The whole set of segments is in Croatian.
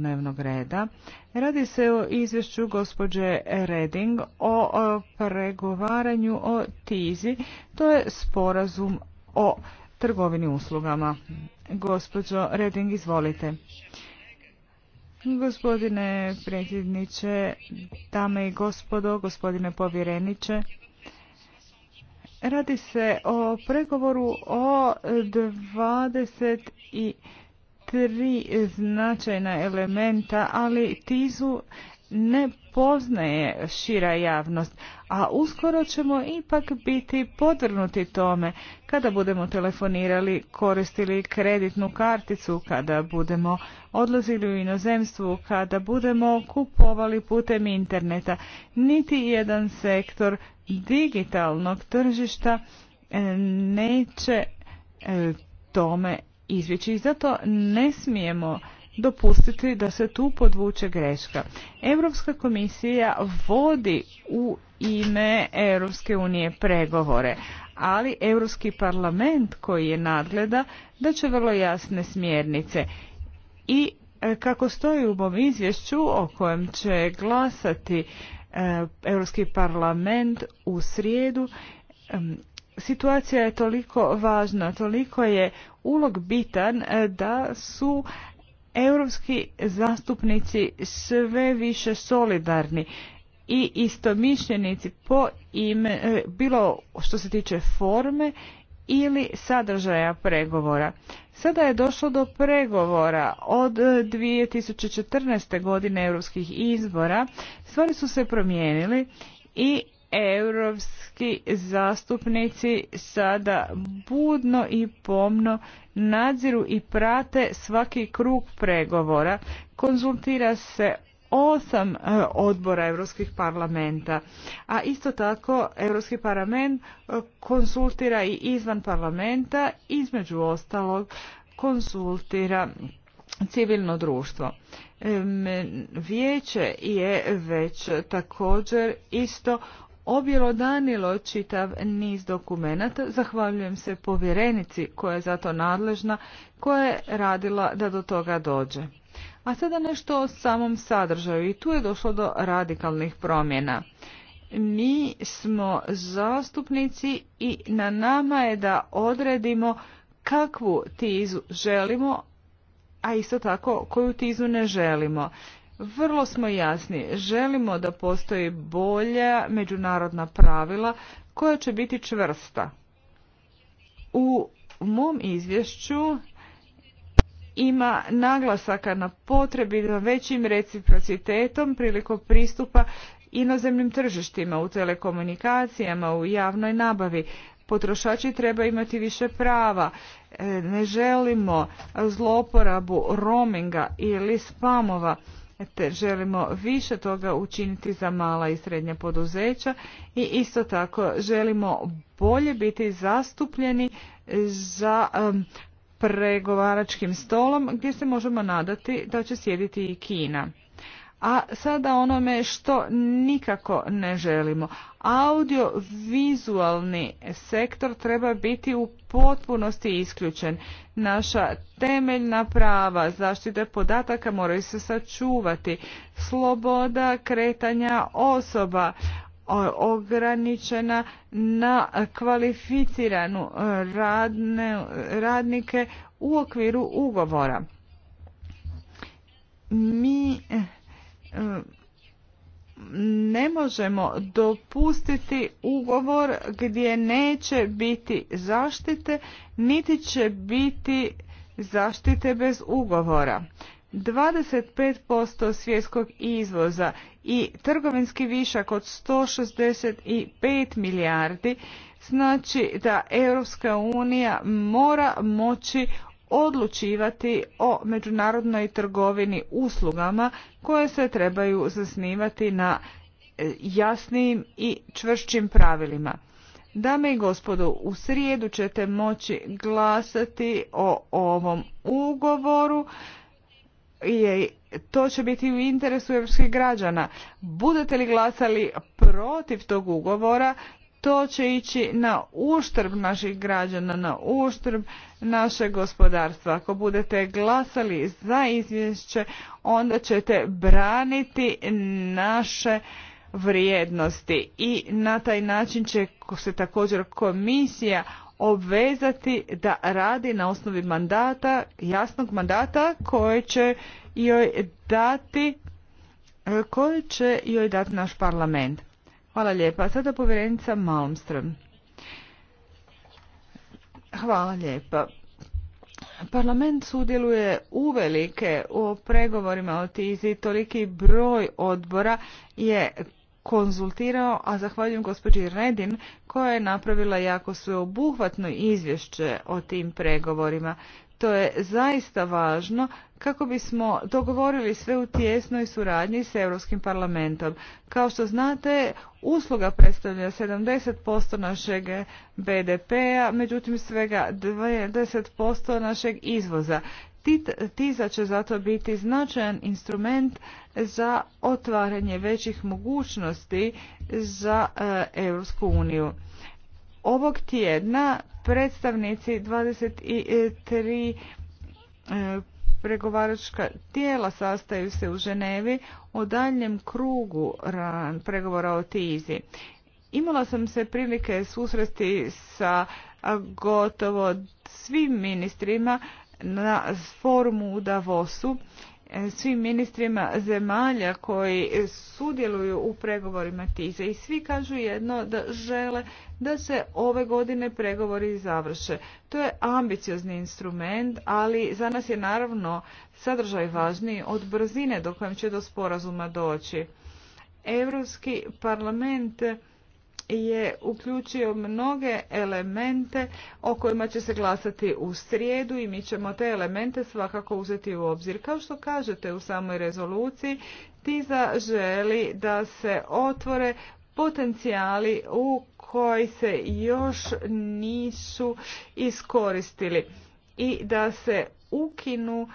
dnevnog reda. Radi se o izvješću gospođe Reding o pregovaranju o TIZI, to je sporazum o trgovini uslugama. Gospođo Reding, izvolite. Gospodine predsjedniče, dame i gospodo, gospodine povjereniče, radi se o pregovoru o 20 i tri značajna elementa, ali tizu ne poznaje šira javnost, a uskoro ćemo ipak biti podvrnuti tome kada budemo telefonirali, koristili kreditnu karticu, kada budemo odlazili u inozemstvu, kada budemo kupovali putem interneta. Niti jedan sektor digitalnog tržišta e, neće e, tome izvjeći i zato ne smijemo dopustiti da se tu podvuče greška. Europska komisija vodi u ime Europske unije pregovore, ali Europski parlament koji je nadgleda da će vrlo jasne smjernice i e, kako stoji u mom izvješću o kojem će glasati e, Europski parlament u srijedu, situacija je toliko važna, toliko je ulog bitan e, da su europski zastupnici sve više solidarni i istomišljenici po ime, e, bilo što se tiče forme ili sadržaja pregovora. Sada je došlo do pregovora od 2014. E, godine europskih izbora. Stvari su se promijenili i europski zastupnici sada budno i pomno nadziru i prate svaki krug pregovora. Konzultira se osam e, odbora Europskih parlamenta, a isto tako Europski parlament e, konsultira i izvan parlamenta, između ostalog konsultira civilno društvo. E, vijeće je već također isto objelodanilo čitav niz dokumenata. Zahvaljujem se povjerenici koja je za to nadležna, koja je radila da do toga dođe. A sada nešto o samom sadržaju i tu je došlo do radikalnih promjena. Mi smo zastupnici i na nama je da odredimo kakvu tizu želimo, a isto tako koju tizu ne želimo. Vrlo smo jasni, želimo da postoji bolja međunarodna pravila koja će biti čvrsta. U mom izvješću ima naglasaka na potrebi za većim reciprocitetom prilikom pristupa inozemnim tržištima u telekomunikacijama, u javnoj nabavi. Potrošači treba imati više prava. E, ne želimo zloporabu roaminga ili spamova te želimo više toga učiniti za mala i srednja poduzeća i isto tako želimo bolje biti zastupljeni za pregovaračkim stolom gdje se možemo nadati da će sjediti i Kina a sada onome što nikako ne želimo. Audiovizualni sektor treba biti u potpunosti isključen. Naša temeljna prava zaštite podataka moraju se sačuvati. Sloboda kretanja osoba ograničena na kvalificiranu e, radne, radnike u okviru ugovora. Mi ne možemo dopustiti ugovor gdje neće biti zaštite niti će biti zaštite bez ugovora. 25% svjetskog izvoza i trgovinski višak od 165 milijardi znači da Europska unija mora moći odlučivati o međunarodnoj trgovini uslugama koje se trebaju zasnivati na e, jasnim i čvršćim pravilima. Dame i gospodo, u srijedu ćete moći glasati o ovom ugovoru i to će biti u interesu europskih građana. Budete li glasali protiv tog ugovora, to će ići na uštrb naših građana, na uštrb našeg gospodarstva. Ako budete glasali za izvješće, onda ćete braniti naše vrijednosti i na taj način će se također komisija obvezati da radi na osnovi mandata, jasnog mandata koje će joj dati e, koji će joj dati naš parlament. Hvala lijepa. Sada povjerenica Malmström. Hvala lijepa. Parlament sudjeluje uvelike u pregovorima o tizi. Toliki broj odbora je konzultirao, a zahvaljujem gospođi Redin koja je napravila jako sveobuhvatno izvješće o tim pregovorima. To je zaista važno kako bismo dogovorili sve u tjesnoj suradnji s Europskim parlamentom. Kao što znate, usluga predstavlja 70% našeg BDP-a, međutim svega 20% našeg izvoza. TISA će zato biti značajan instrument za otvaranje većih mogućnosti za e, Europsku uniju. Ovog tjedna predstavnici 23 pregovaračka tijela sastaju se u Ženevi o daljnjem krugu pregovora o Tizi. Imala sam se prilike susresti sa gotovo svim ministrima na forumu u Davosu svim ministrima zemalja koji sudjeluju u pregovorima tize i svi kažu jedno da žele da se ove godine pregovori završe. To je ambiciozni instrument, ali za nas je naravno sadržaj važniji od brzine do kojem će do sporazuma doći. Europski parlament je uključio mnoge elemente o kojima će se glasati u srijedu i mi ćemo te elemente svakako uzeti u obzir. Kao što kažete u samoj rezoluciji, TIZA želi da se otvore potencijali u koji se još nisu iskoristili i da se ukinu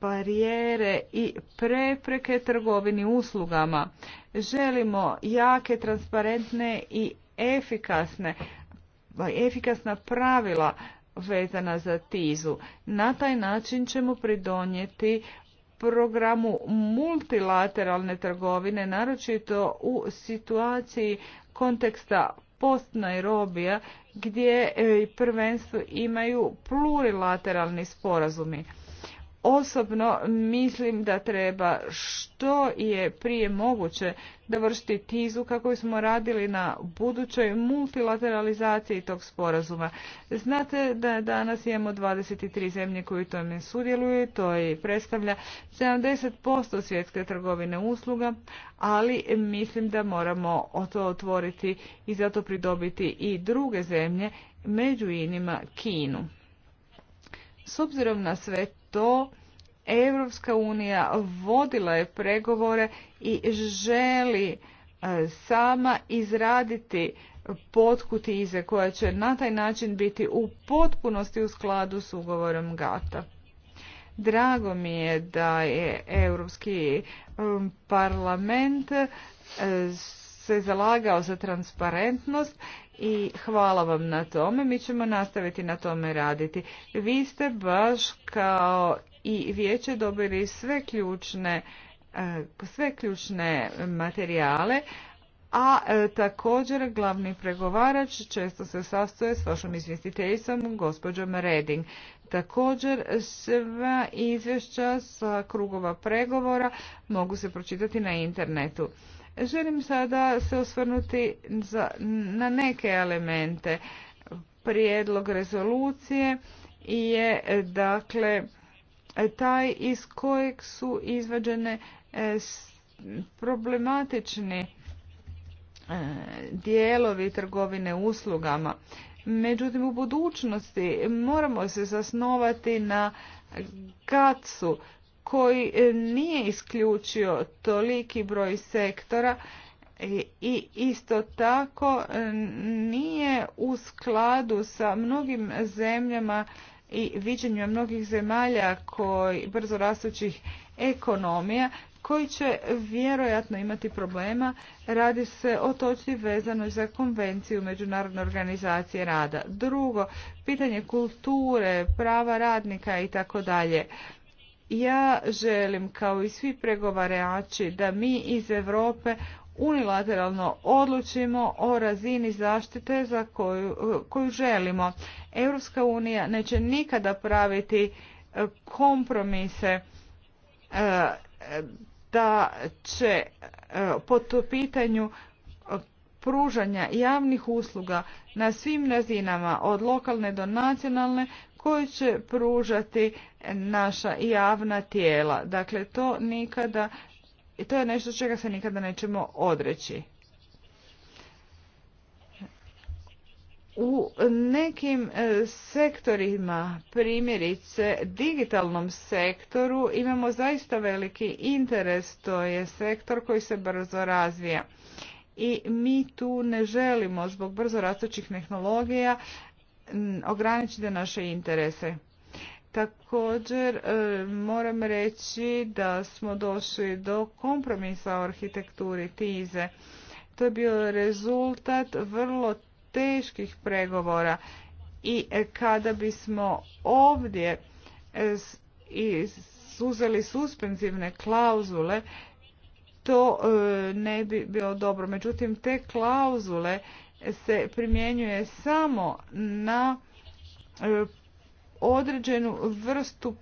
barijere i prepreke trgovini uslugama. Želimo jake, transparentne i efikasne efikasna pravila vezana za tizu. Na taj način ćemo pridonijeti programu multilateralne trgovine, naročito u situaciji konteksta post Nairobija gdje e, prvenstvo imaju plurilateralni sporazumi osobno mislim da treba što je prije moguće dovršiti tizu kako smo radili na budućoj multilateralizaciji tog sporazuma. Znate da danas imamo 23 zemlje koji u tome sudjeluju, to i predstavlja 70% svjetske trgovine usluga, ali mislim da moramo o to otvoriti i zato pridobiti i druge zemlje, među inima Kinu. S obzirom na sve to Europska unija vodila je pregovore i želi e, sama izraditi potkutize koja će na taj način biti u potpunosti u skladu s ugovorom GATA. Drago mi je da je Europski e, parlament e, se zalagao za transparentnost i hvala vam na tome. Mi ćemo nastaviti na tome raditi. Vi ste baš kao i vijeće dobili sve ključne, e, sve ključne materijale, a e, također glavni pregovarač često se sastoje s vašom izvjestiteljicom gospođom Reding. Također sva izvješća sa krugova pregovora mogu se pročitati na internetu. Želim sada se osvrnuti na neke elemente. Prijedlog rezolucije je dakle taj iz kojeg su izvađene e, problematični e, dijelovi trgovine uslugama. Međutim, u budućnosti moramo se zasnovati na GATS-u koji e, nije isključio toliki broj sektora e, i isto tako e, nije u skladu sa mnogim zemljama i viđenjima mnogih zemalja koji brzo rastućih ekonomija koji će vjerojatno imati problema. Radi se o točni vezanoj za konvenciju Međunarodne organizacije rada. Drugo, pitanje kulture, prava radnika i tako dalje. Ja želim kao i svi pregovarači da mi iz Europe unilateralno odlučimo o razini zaštite za koju, koju želimo. Europska unija neće nikada praviti e, kompromise e, da će e, po to pitanju pružanja javnih usluga na svim razinama od lokalne do nacionalne koju će pružati naša javna tijela. Dakle, to nikada, to je nešto čega se nikada nećemo odreći. U nekim e, sektorima, primjerice digitalnom sektoru, imamo zaista veliki interes. To je sektor koji se brzo razvija. I mi tu ne želimo zbog brzo rastućih tehnologija ograničiti naše interese. Također e, moram reći da smo došli do kompromisa u arhitekturi TIZE. To je bio rezultat vrlo teških pregovora i e, kada bismo ovdje e, uzeli suspenzivne klauzule, to ne bi bilo dobro. Međutim, te klauzule se primjenjuje samo na e, određenu vrstu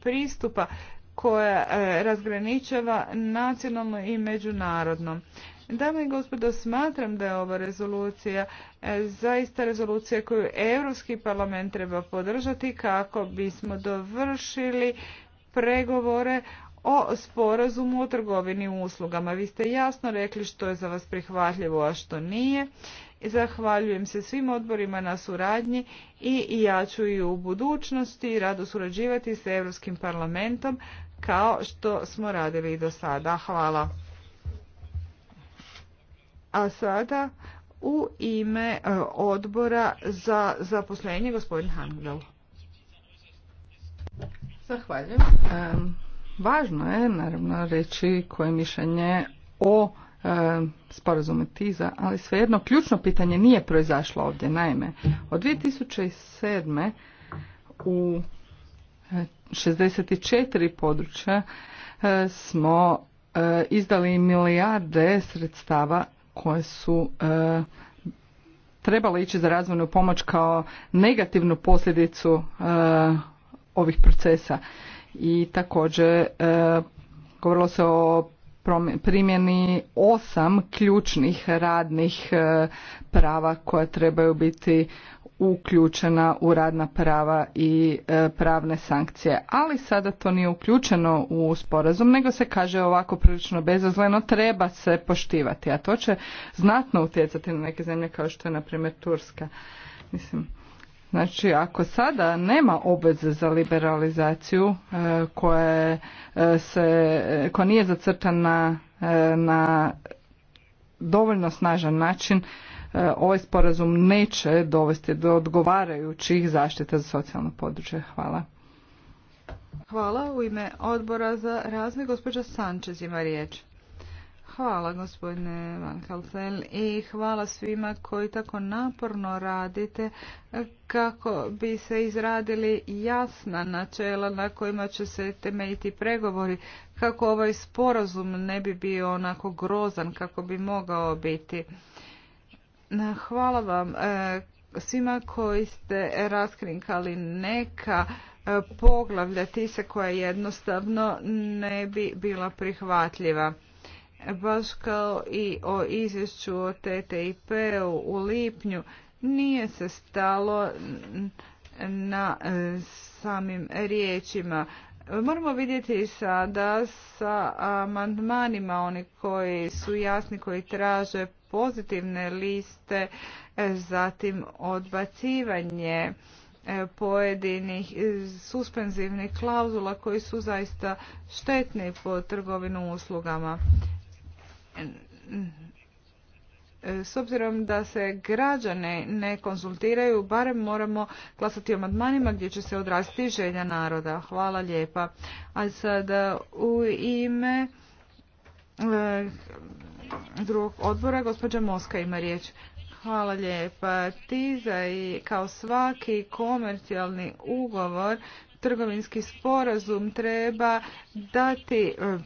pristupa koja e, razgraničava nacionalno i međunarodno. Dame i gospodo, smatram da je ova rezolucija e, zaista rezolucija koju Europski parlament treba podržati kako bismo dovršili pregovore o sporazumu o trgovini uslugama. Vi ste jasno rekli što je za vas prihvatljivo, a što nije. Zahvaljujem se svim odborima na suradnji i ja ću i u budućnosti rado surađivati s Europskim parlamentom kao što smo radili i do sada. Hvala. A sada u ime e, odbora za zaposlenje gospodin Hangel. Zahvaljujem. Važno je naravno reći koje mišljenje o e, sporazumu TIZA, ali svejedno ključno pitanje nije proizašlo ovdje. Naime, od 2007. u 64 e, područja e, smo e, izdali milijarde sredstava koje su trebale ići za razvojnu pomoć kao negativnu posljedicu ovih procesa i također e, govorilo se o primjeni osam ključnih radnih e, prava koja trebaju biti uključena u radna prava i e, pravne sankcije. Ali sada to nije uključeno u sporazum, nego se kaže ovako prilično bezazleno treba se poštivati, a to će znatno utjecati na neke zemlje kao što je na primjer Turska. Mislim, Znači, ako sada nema obveze za liberalizaciju e, koja e, se, koja nije zacrtana e, na dovoljno snažan način, ovaj sporazum neće dovesti do odgovarajućih zaštita za socijalno područje. Hvala. Hvala. U ime odbora za razne. gospođa Sančez ima riječ. Hvala gospodine Van i hvala svima koji tako naporno radite kako bi se izradili jasna načela na kojima će se temeljiti pregovori kako ovaj sporazum ne bi bio onako grozan kako bi mogao biti. Hvala vam e, svima koji ste raskrinkali neka e, poglavlja se koja jednostavno ne bi bila prihvatljiva baš kao i o izvješću o TTIP-u u lipnju, nije se stalo na e, samim riječima. Moramo vidjeti sada sa amandmanima oni koji su jasni, koji traže pozitivne liste, e, zatim odbacivanje e, pojedinih suspenzivnih klauzula koji su zaista štetni po trgovinu uslugama s obzirom da se građane ne konzultiraju, barem moramo glasati o amandmanima gdje će se odrasti želja naroda. Hvala lijepa. A sada u ime eh, drugog odbora gospođa Moska ima riječ. Hvala lijepa. Tiza i kao svaki komercijalni ugovor trgovinski sporazum treba dati eh,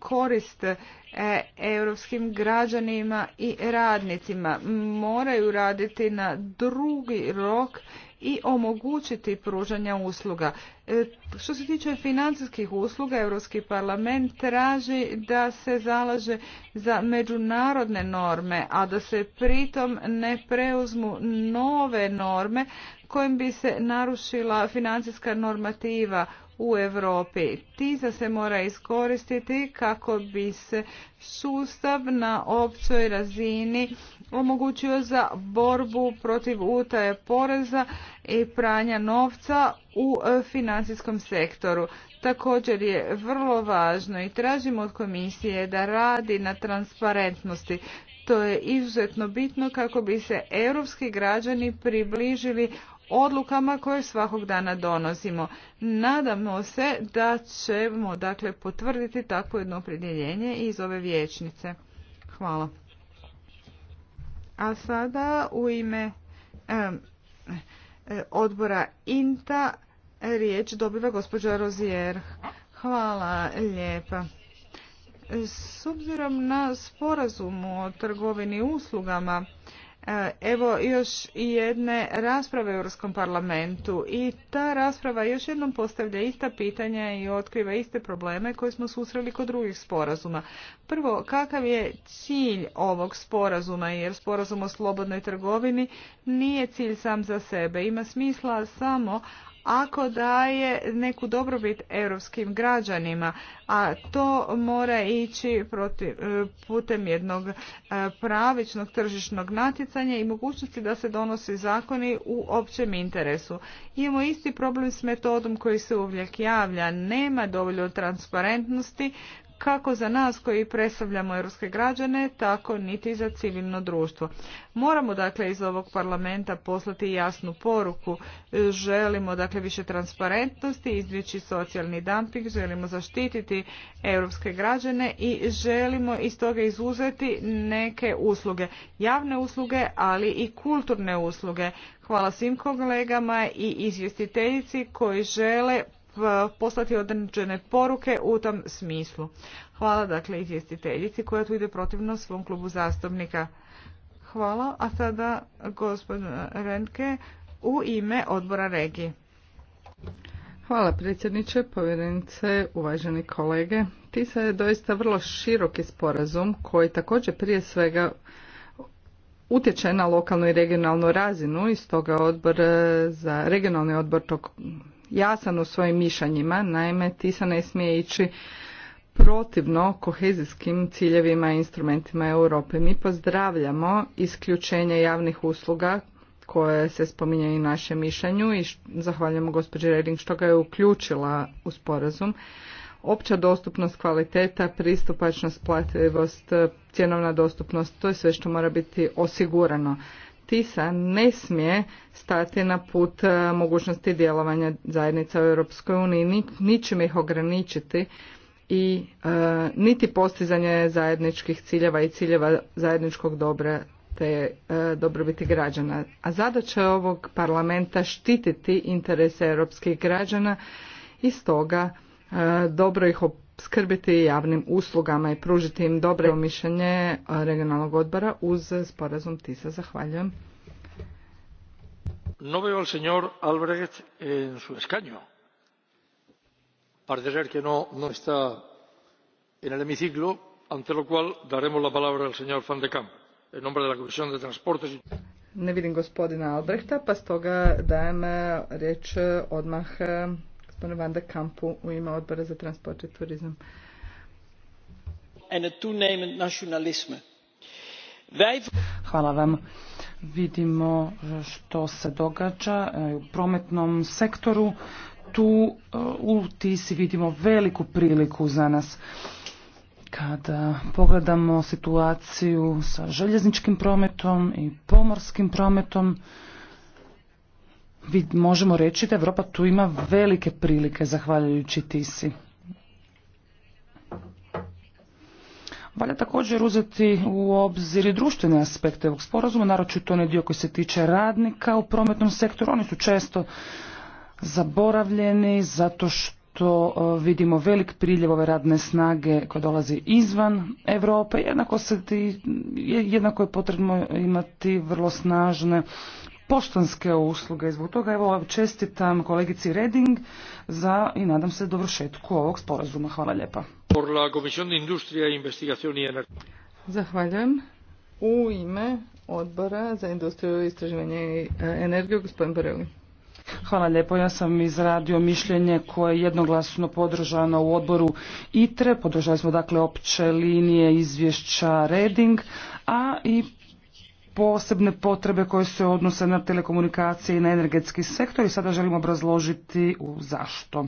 korist e, europskim građanima i radnicima. Moraju raditi na drugi rok i omogućiti pružanje usluga. E, što se tiče financijskih usluga, Europski parlament traži da se zalaže za međunarodne norme, a da se pritom ne preuzmu nove norme kojim bi se narušila financijska normativa u Europi. TISA se mora iskoristiti kako bi se sustav na općoj razini omogućio za borbu protiv utaje poreza i pranja novca u e, financijskom sektoru. Također je vrlo važno i tražimo od komisije da radi na transparentnosti. To je izuzetno bitno kako bi se europski građani približili odlukama koje svakog dana donosimo. Nadamo se da ćemo dakle potvrditi takvo jedno opredjeljenje iz ove vijećnice. Hvala. A sada u ime odbora INTA riječ dobiva gospođa rozier Hvala lijepa. S obzirom na sporazum o trgovini uslugama, E, evo još i jedne rasprave u Europskom parlamentu i ta rasprava još jednom postavlja ista pitanja i otkriva iste probleme koje smo susreli kod drugih sporazuma. Prvo, kakav je cilj ovog sporazuma jer sporazum o slobodnoj trgovini nije cilj sam za sebe. Ima smisla samo ako daje neku dobrobit europskim građanima, a to mora ići protiv, e, putem jednog e, pravičnog tržišnog natjecanja i mogućnosti da se donose zakoni u općem interesu. Imamo isti problem s metodom koji se uvijek javlja. Nema dovoljno transparentnosti kako za nas koji predstavljamo europske građane, tako niti za civilno društvo. Moramo dakle iz ovog parlamenta poslati jasnu poruku. Želimo dakle više transparentnosti, izbjeći socijalni dumping, želimo zaštititi europske građane i želimo iz toga izuzeti neke usluge, javne usluge, ali i kulturne usluge. Hvala svim kolegama i izvjestiteljici koji žele poslati određene poruke u tom smislu. Hvala dakle izvjestiteljici koja tu ide protivno svom klubu zastupnika. Hvala, a sada gospodin Renke u ime odbora regije. Hvala predsjedniče, povjerenice, uvaženi kolege. TISA je doista vrlo široki sporazum koji također prije svega utječe na lokalnu i regionalnu razinu i stoga odbor za regionalni odbor tog jasan u svojim mišljenjima, naime TISA ne smije ići protivno kohezijskim ciljevima i instrumentima Europe. Mi pozdravljamo isključenje javnih usluga koje se spominje i našem mišljenju i zahvaljujemo gospođi Reding što ga je uključila u sporazum. Opća dostupnost, kvaliteta, pristupačnost, plativost, cjenovna dostupnost, to je sve što mora biti osigurano. TISA ne smije stati na put e, mogućnosti djelovanja zajednica u Europskoj uniji, ničim ih ograničiti i e, niti postizanje zajedničkih ciljeva i ciljeva zajedničkog dobra te e, dobrobiti građana. A zadaća ovog parlamenta štititi interese europskih građana i stoga dobro ih skrbiti javnim uslugama i pružiti im dobro mišljenje regionalnog odbora uz sporazum TISA. Zahvaljujem. No veo al señor Albrecht en su escaño. Parece ser que no, no está en el hemiciclo, ante lo cual daremos la palabra al señor Van de Camp, en nombre de la Comisión de Transportes Ne vidim gospodina Albrehta, pa stoga dajem eh, riječ eh, odmah eh, Van Kampu u ime odbora za transport i turizam. Hvala vam. Vidimo što se događa e, u prometnom sektoru. Tu e, u TISI vidimo veliku priliku za nas. Kada pogledamo situaciju sa željezničkim prometom i pomorskim prometom, možemo reći da Europa tu ima velike prilike zahvaljujući TISI. Valja također uzeti u obzir i društvene aspekte ovog sporazuma, naročito onaj dio koji se tiče radnika u prometnom sektoru. Oni su često zaboravljeni zato što e, vidimo velik priljev ove radne snage koja dolazi izvan Europe. Jednako, se ti, jednako je potrebno imati vrlo snažne poštanske usluge. Zbog toga evo čestitam kolegici Reding za i nadam se dovršetku ovog sporazuma. Hvala lijepa. Zahvaljujem. U ime odbora za industriju, istraživanje i e, energiju, gospodin Borelli. Hvala lijepo. Ja sam izradio mišljenje koje je jednoglasno podržano u odboru ITRE. Podržali smo dakle opće linije izvješća Reding, a i posebne potrebe koje se odnose na telekomunikacije i na energetski sektor i sada želimo obrazložiti u zašto.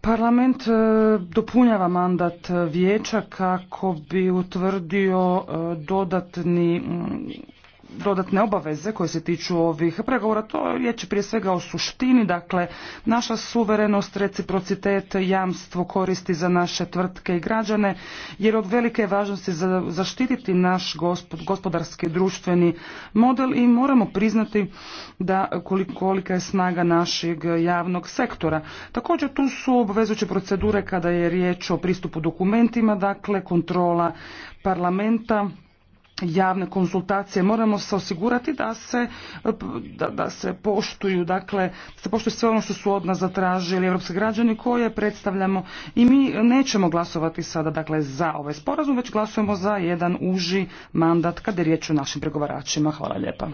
Parlament e, dopunjava mandat vijeća kako bi utvrdio e, dodatni dodatne obaveze koje se tiču ovih pregovora, to je riječ prije svega o suštini, dakle naša suverenost, reciprocitet, jamstvo koristi za naše tvrtke i građane, jer od velike važnosti za zaštititi naš gospodarski društveni model i moramo priznati da kolika je snaga našeg javnog sektora. Također tu su obvezujuće procedure kada je riječ o pristupu dokumentima, dakle kontrola parlamenta, javne konzultacije. Moramo se osigurati da se, da, da se poštuju, dakle, da se poštuju sve ono što su od nas zatražili europski građani koje predstavljamo i mi nećemo glasovati sada, dakle, za ovaj sporazum, već glasujemo za jedan uži mandat kada je riječ o našim pregovaračima. Hvala lijepa.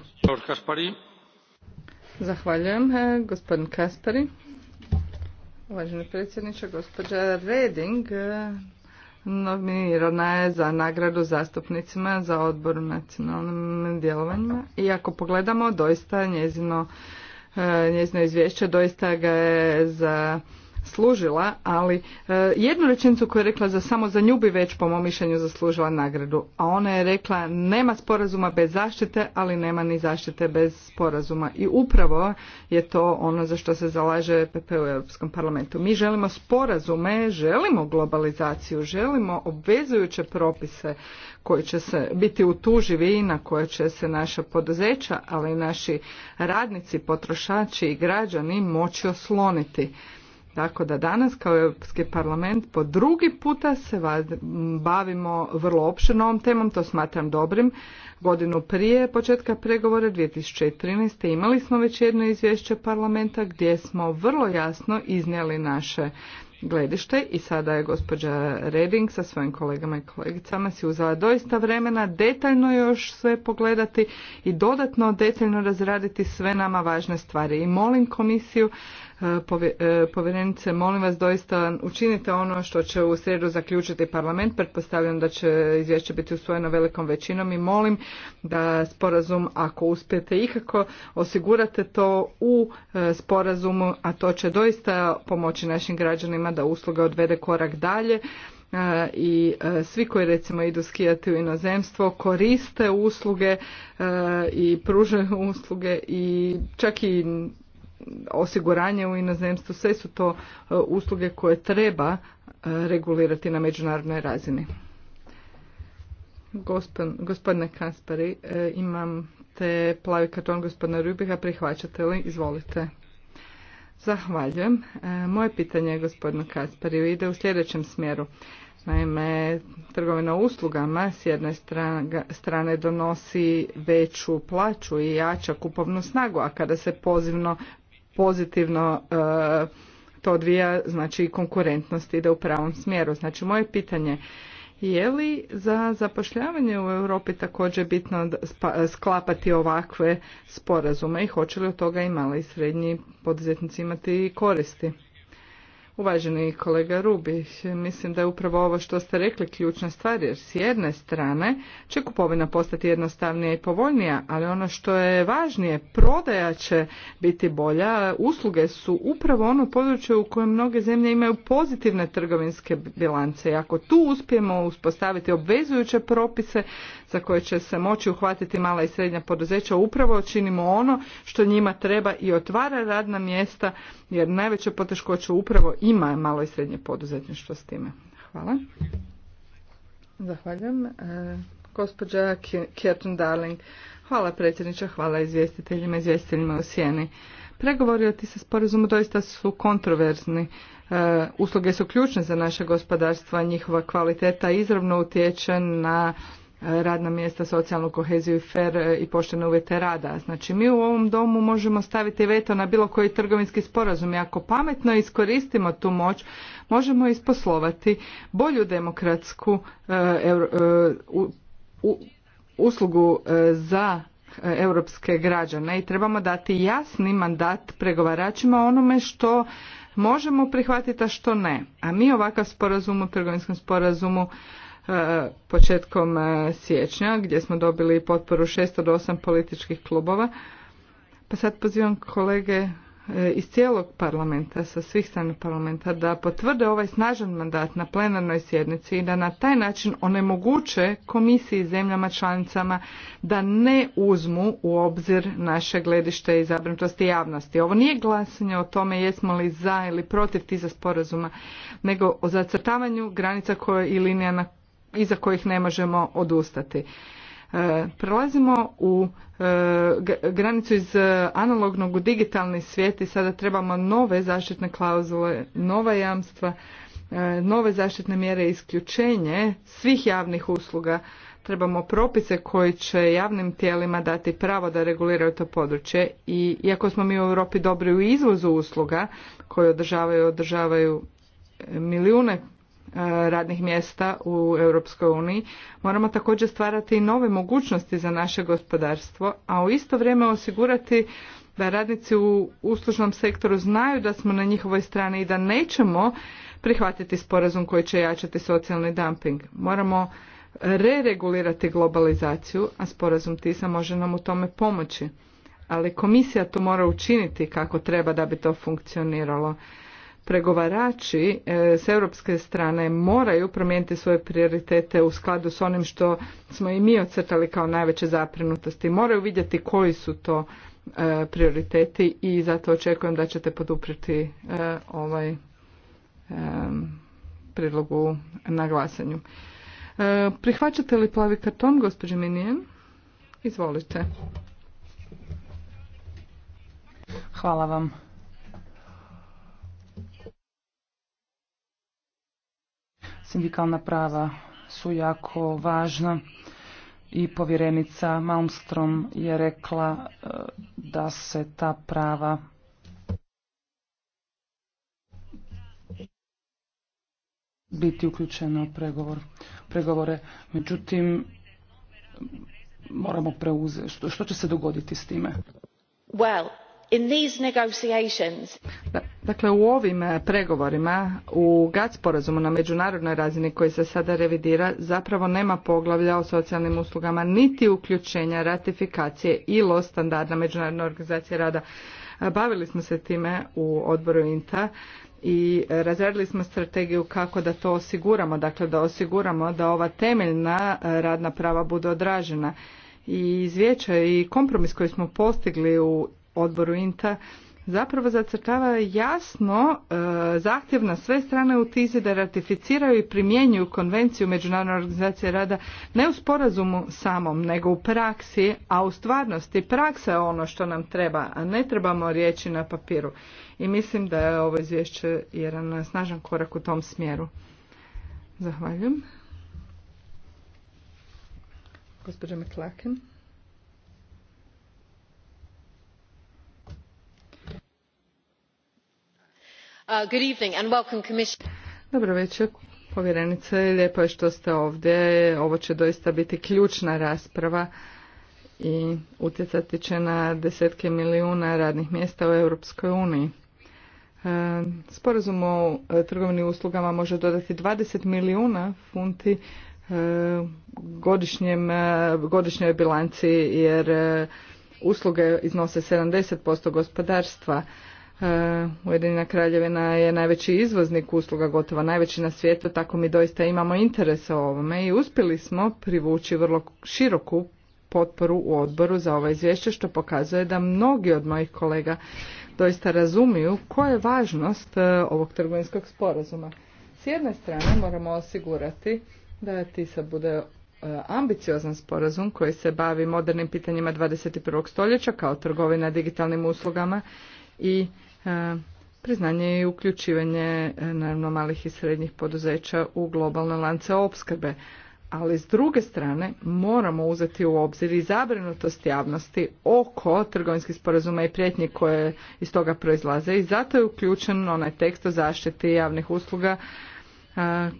Zahvaljujem, e, gospodin Kaspari. Uvaženi predsjedniče, gospođa Reding e, nominirana je za nagradu zastupnicima za odbor nacionalnim djelovanjima i ako pogledamo doista njezino e, njezino izvješće doista ga je za služila, ali e, jednu rečenicu koju je rekla za samo za nju bi već po mom mišljenju zaslužila nagradu, a ona je rekla nema sporazuma bez zaštite, ali nema ni zaštite bez sporazuma. I upravo je to ono za što se zalaže PP u Europskom parlamentu. Mi želimo sporazume, želimo globalizaciju, želimo obvezujuće propise koji će se biti utuživi i na koje će se naša poduzeća, ali i naši radnici, potrošači i građani moći osloniti. Tako da danas kao Europski parlament po drugi puta se bavimo vrlo opširno ovom temom, to smatram dobrim. Godinu prije početka pregovora 2013. imali smo već jedno izvješće parlamenta gdje smo vrlo jasno iznijeli naše gledište i sada je gospođa Reding sa svojim kolegama i kolegicama si uzela doista vremena detaljno još sve pogledati i dodatno detaljno razraditi sve nama važne stvari. I molim komisiju E, povjerenice, molim vas doista učinite ono što će u srijedu zaključiti parlament. Pretpostavljam da će izvješće biti usvojeno velikom većinom i molim da sporazum, ako uspijete ikako, osigurate to u e, sporazumu, a to će doista pomoći našim građanima da usluga odvede korak dalje e, i svi koji recimo idu skijati u inozemstvo koriste usluge i pružaju usluge i čak i osiguranje u inozemstvu, sve su to e, usluge koje treba e, regulirati na međunarodnoj razini. Gospod, gospodine Kaspari, e, imam te plavi karton gospodina Rubiha, prihvaćate li? Izvolite. Zahvaljujem. Moje pitanje gospodinu Kaspari ide u sljedećem smjeru. Naime, trgovina uslugama s jedne strane donosi veću plaću i jača kupovnu snagu, a kada se pozivno pozitivno e, to odvija, znači konkurentnost ide u pravom smjeru. Znači moje pitanje je li za zapošljavanje u Europi također bitno sklapati ovakve sporazume i hoće li od toga i mali i srednji poduzetnici imati koristi? Uvaženi kolega Rubi, mislim da je upravo ovo što ste rekli ključna stvar, jer s jedne strane će kupovina postati jednostavnija i povoljnija, ali ono što je važnije, prodaja će biti bolja, usluge su upravo ono područje u kojem mnoge zemlje imaju pozitivne trgovinske bilance i ako tu uspijemo uspostaviti obvezujuće propise, za koje će se moći uhvatiti mala i srednja poduzeća upravo činimo ono što njima treba i otvara radna mjesta jer najveće poteškoće upravo ima malo i srednje poduzetništvo s time. Hvala. Zahvaljujem. E, gospođa Darling. Hvala predsjedniče, hvala izvjestiteljima, izvjestiteljima u Sjeni. Pregovori o se sporazumu doista su kontroverzni. E, usluge su ključne za naše gospodarstva, njihova kvaliteta izravno utječe na radna mjesta, socijalnu koheziju i fer e, i poštene uvjete rada. Znači mi u ovom domu možemo staviti veto na bilo koji trgovinski sporazum i ako pametno iskoristimo tu moć možemo isposlovati bolju demokratsku e, e, uslugu za europske građane i trebamo dati jasni mandat pregovaračima onome što možemo prihvatiti, a što ne. A mi ovakav sporazum u trgovinskom sporazumu E, početkom e, siječnja gdje smo dobili potporu šesto do političkih klubova. Pa sad pozivam kolege e, iz cijelog parlamenta, sa svih strana parlamenta, da potvrde ovaj snažan mandat na plenarnoj sjednici i da na taj način onemoguće komisiji zemljama članicama da ne uzmu u obzir naše gledište i zabrinutosti javnosti. Ovo nije glasanje o tome jesmo li za ili protiv tiza sporazuma, nego o zacrtavanju granica koje i linija na iza kojih ne možemo odustati. E, prelazimo u e, granicu iz analognog u digitalni svijet i sada trebamo nove zaštitne klauzule, nova jamstva, e, nove zaštitne mjere isključenje svih javnih usluga. Trebamo propise koji će javnim tijelima dati pravo da reguliraju to područje i iako smo mi u Europi dobri u izvozu usluga koje održavaju, održavaju milijune E, radnih mjesta u Europskoj uniji, moramo također stvarati i nove mogućnosti za naše gospodarstvo, a u isto vrijeme osigurati da radnici u uslužnom sektoru znaju da smo na njihovoj strani i da nećemo prihvatiti sporazum koji će jačati socijalni dumping. Moramo reregulirati globalizaciju, a sporazum TISA može nam u tome pomoći. Ali komisija to mora učiniti kako treba da bi to funkcioniralo pregovarači e, s europske strane moraju promijeniti svoje prioritete u skladu s onim što smo i mi ocrtali kao najveće zaprinutosti. Moraju vidjeti koji su to e, prioriteti i zato očekujem da ćete poduprijeti e, ovaj prilogu na glasanju. Prihvaćate li plavi karton, gospođe Minijen? Izvolite. Hvala vam. Sindikalna prava su jako važna i povjerenica Malmstrom je rekla e, da se ta prava biti uključena u pregovor, pregovore. Međutim, moramo preuzeti. Što, što će se dogoditi s time? Well, Dakle, u ovim eh, pregovorima, u GATT sporazumu na međunarodnoj razini koji se sada revidira, zapravo nema poglavlja o socijalnim uslugama, niti uključenja ratifikacije ILO standarda Međunarodne organizacije rada. Eh, bavili smo se time u odboru INTA i eh, razradili smo strategiju kako da to osiguramo, dakle da osiguramo da ova temeljna radna prava budu odražena. I izvješće i kompromis koji smo postigli u odboru INTA zapravo zacrtava jasno e, zahtjev na sve strane u tizi da ratificiraju i primjenjuju konvenciju Međunarodne organizacije rada ne u sporazumu samom, nego u praksi, a u stvarnosti praksa je ono što nam treba, a ne trebamo riječi na papiru. I mislim da je ovo izvješće jedan snažan korak u tom smjeru. Zahvaljujem. Gospođa McLaken. Uh, Dobro večer, povjerenice. Lijepo je što ste ovdje. Ovo će doista biti ključna rasprava i utjecati će na desetke milijuna radnih mjesta u Europskoj uniji. Uh, sporazum o uh, trgovini uslugama može dodati 20 milijuna funti godišnjem, godišnjoj bilanci jer usluge iznose 70% gospodarstva. E, Ujedinjena kraljevina je najveći izvoznik usluga, gotovo najveći na svijetu, tako mi doista imamo interese o ovome i uspjeli smo privući vrlo široku potporu u odboru za ovo izvješće, što pokazuje da mnogi od mojih kolega doista razumiju koja je važnost e, ovog trgovinskog sporazuma. S jedne strane moramo osigurati da TISA bude e, ambiciozan sporazum koji se bavi modernim pitanjima 21. stoljeća kao trgovina digitalnim uslugama i E, priznanje i uključivanje e, naravno malih i srednjih poduzeća u globalne lance opskrbe. Ali s druge strane moramo uzeti u obzir i zabrinutost javnosti oko trgovinskih sporazuma i prijetnje koje iz toga proizlaze i zato je uključen onaj tekst o zaštiti javnih usluga e,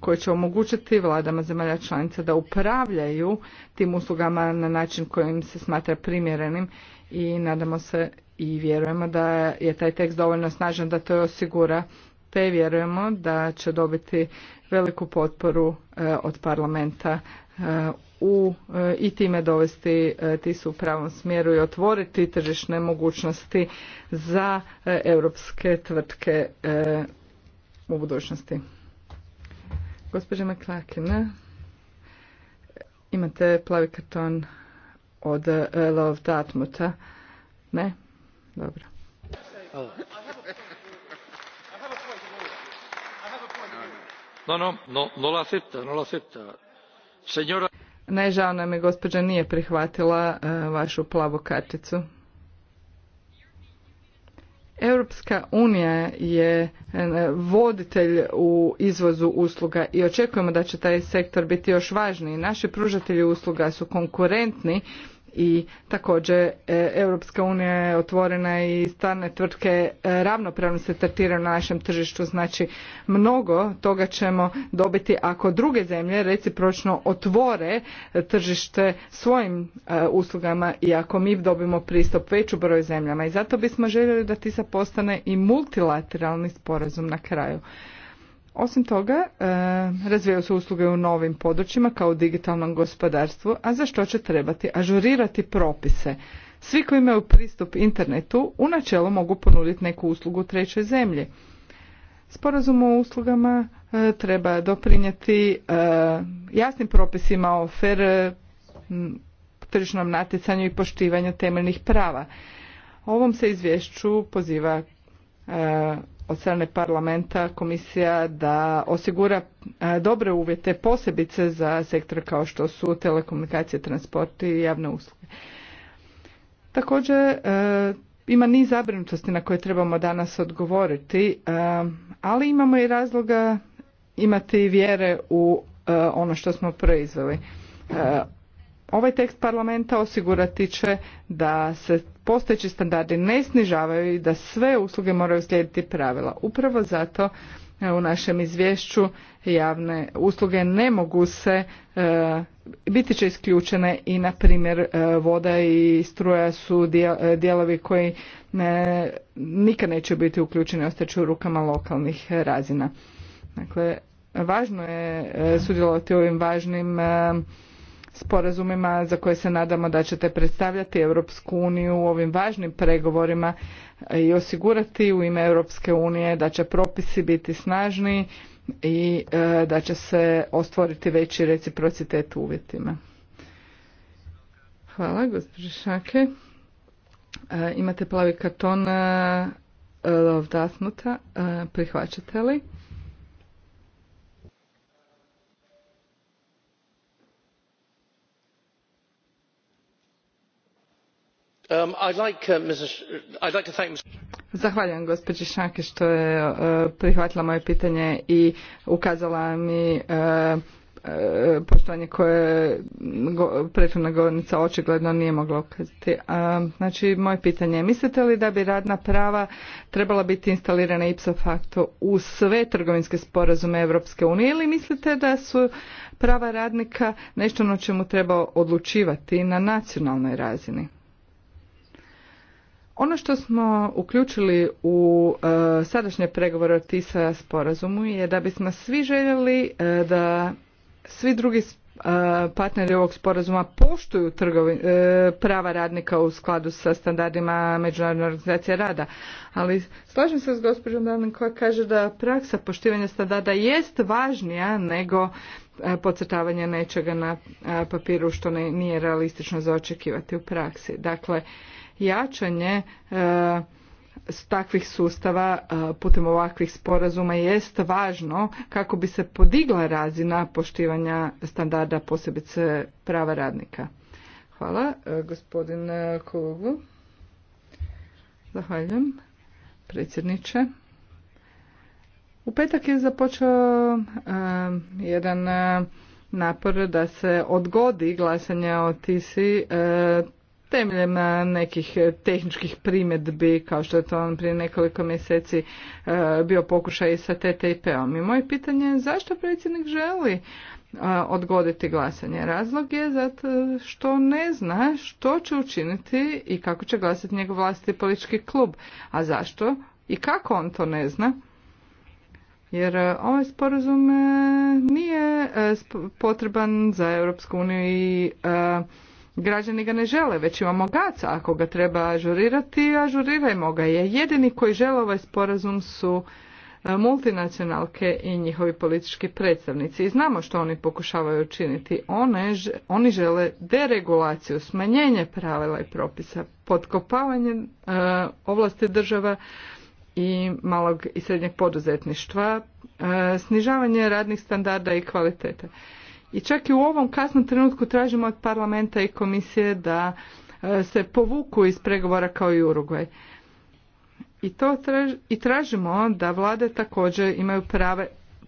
koji će omogućiti vladama zemalja članica da upravljaju tim uslugama na način kojim se smatra primjerenim i nadamo se i vjerujemo da je taj tekst dovoljno snažan da to osigura te vjerujemo da će dobiti veliku potporu eh, od parlamenta eh, u, eh, i time dovesti su u pravom smjeru i otvoriti tržišne mogućnosti za europske tvrtke u budućnosti. Gospođa Maklakina, imate plavi karton od Love Datmuta? Ne? Dobro. No, no, no, no Ne, žao nam je, gospođa nije prihvatila e, vašu plavu karticu. Europska unija je e, voditelj u izvozu usluga i očekujemo da će taj sektor biti još važniji. Naši pružatelji usluga su konkurentni i također e, Europska unija je otvorena i strane tvrtke e, ravnopravno se tretiraju na našem tržištu znači mnogo toga ćemo dobiti ako druge zemlje recipročno otvore e, tržište svojim uslugama i ako mi dobimo pristup veću broju zemljama i zato bismo željeli da ti TISA postane i multilateralni sporazum na kraju. Osim toga, e, razvijaju se usluge u novim područjima kao u digitalnom gospodarstvu, a za što će trebati ažurirati propise. Svi koji imaju pristup internetu u načelu mogu ponuditi neku uslugu trećoj zemlji. Sporazum o uslugama e, treba doprinijeti e, jasnim propisima o fer tržišnom natjecanju i poštivanju temeljnih prava. Ovom se izvješću poziva od strane parlamenta komisija da osigura dobre uvjete posebice za sektor kao što su telekomunikacije, transport i javne usluge. Također e, ima niz zabrinutosti na koje trebamo danas odgovoriti, e, ali imamo i razloga imati vjere u e, ono što smo proizveli ovaj tekst parlamenta osigurati će da se postojeći standardi ne snižavaju i da sve usluge moraju slijediti pravila. Upravo zato e, u našem izvješću javne usluge ne mogu se e, biti će isključene i na primjer e, voda i struja su dijelovi koji nikad neće biti uključeni ostaću u rukama lokalnih razina. Dakle, važno je sudjelovati u ovim važnim sporazumima za koje se nadamo da ćete predstavljati Europsku uniju u ovim važnim pregovorima i osigurati u ime Europske unije da će propisi biti snažni i e, da će se ostvoriti veći reciprocitet u uvjetima. Hvala, gospođo Šake. E, imate plavi karton e, Prihvaćate li? Um, uh, to Zahvaljujem što je uh, prihvatila moje pitanje i ukazala mi uh, potovanje koje prethodna govornica očigledno nije mogla ukazati. Um, znači, moje pitanje je, mislite li da bi radna prava trebala biti instalirana ipso facto u sve trgovinske sporazume Europske unije ili mislite da su prava radnika nešto na čemu treba odlučivati na nacionalnoj razini? Ono što smo uključili u e, sadašnje pregovore o TISA sporazumu je da bismo svi željeli e, da svi drugi e, partneri ovog sporazuma poštuju prava radnika u skladu sa standardima Međunarodne organizacije rada. Ali slažem se s gospođom Danim koja kaže da praksa poštivanja standarda jest važnija nego podcrtavanje nečega na papiru što ne, nije realistično za očekivati u praksi. Dakle, jačanje e, s takvih sustava e, putem ovakvih sporazuma jest važno kako bi se podigla razina poštivanja standarda posebice prava radnika. Hvala, e, gospodin Zahvaljujem, predsjedniče. U petak je započeo jedan napor da se odgodi glasanje o TISI temeljem nekih e, tehničkih primjedbi kao što je to on prije nekoliko mjeseci e, bio pokušaj sa TTIP-om. I moje pitanje je zašto predsjednik želi e, odgoditi glasanje. Razlog je zato što ne zna što će učiniti i kako će glasati njegov vlasti politički klub. A zašto i kako on to ne zna? Jer ovaj sporazum nije potreban za Europsku uniju i Građani ga ne žele, već imamo gaca. Ako ga treba ažurirati, ažurirajmo ga. Je jedini koji žele ovaj sporazum su e, multinacionalke i njihovi politički predstavnici. I znamo što oni pokušavaju učiniti. oni žele deregulaciju, smanjenje pravila i propisa, podkopavanje e, ovlasti država i malog i srednjeg poduzetništva, e, snižavanje radnih standarda i kvalitete. I čak i u ovom kasnom trenutku tražimo od parlamenta i komisije da e, se povuku iz pregovora kao i Uruguay. I, to traž, I tražimo da vlade također imaju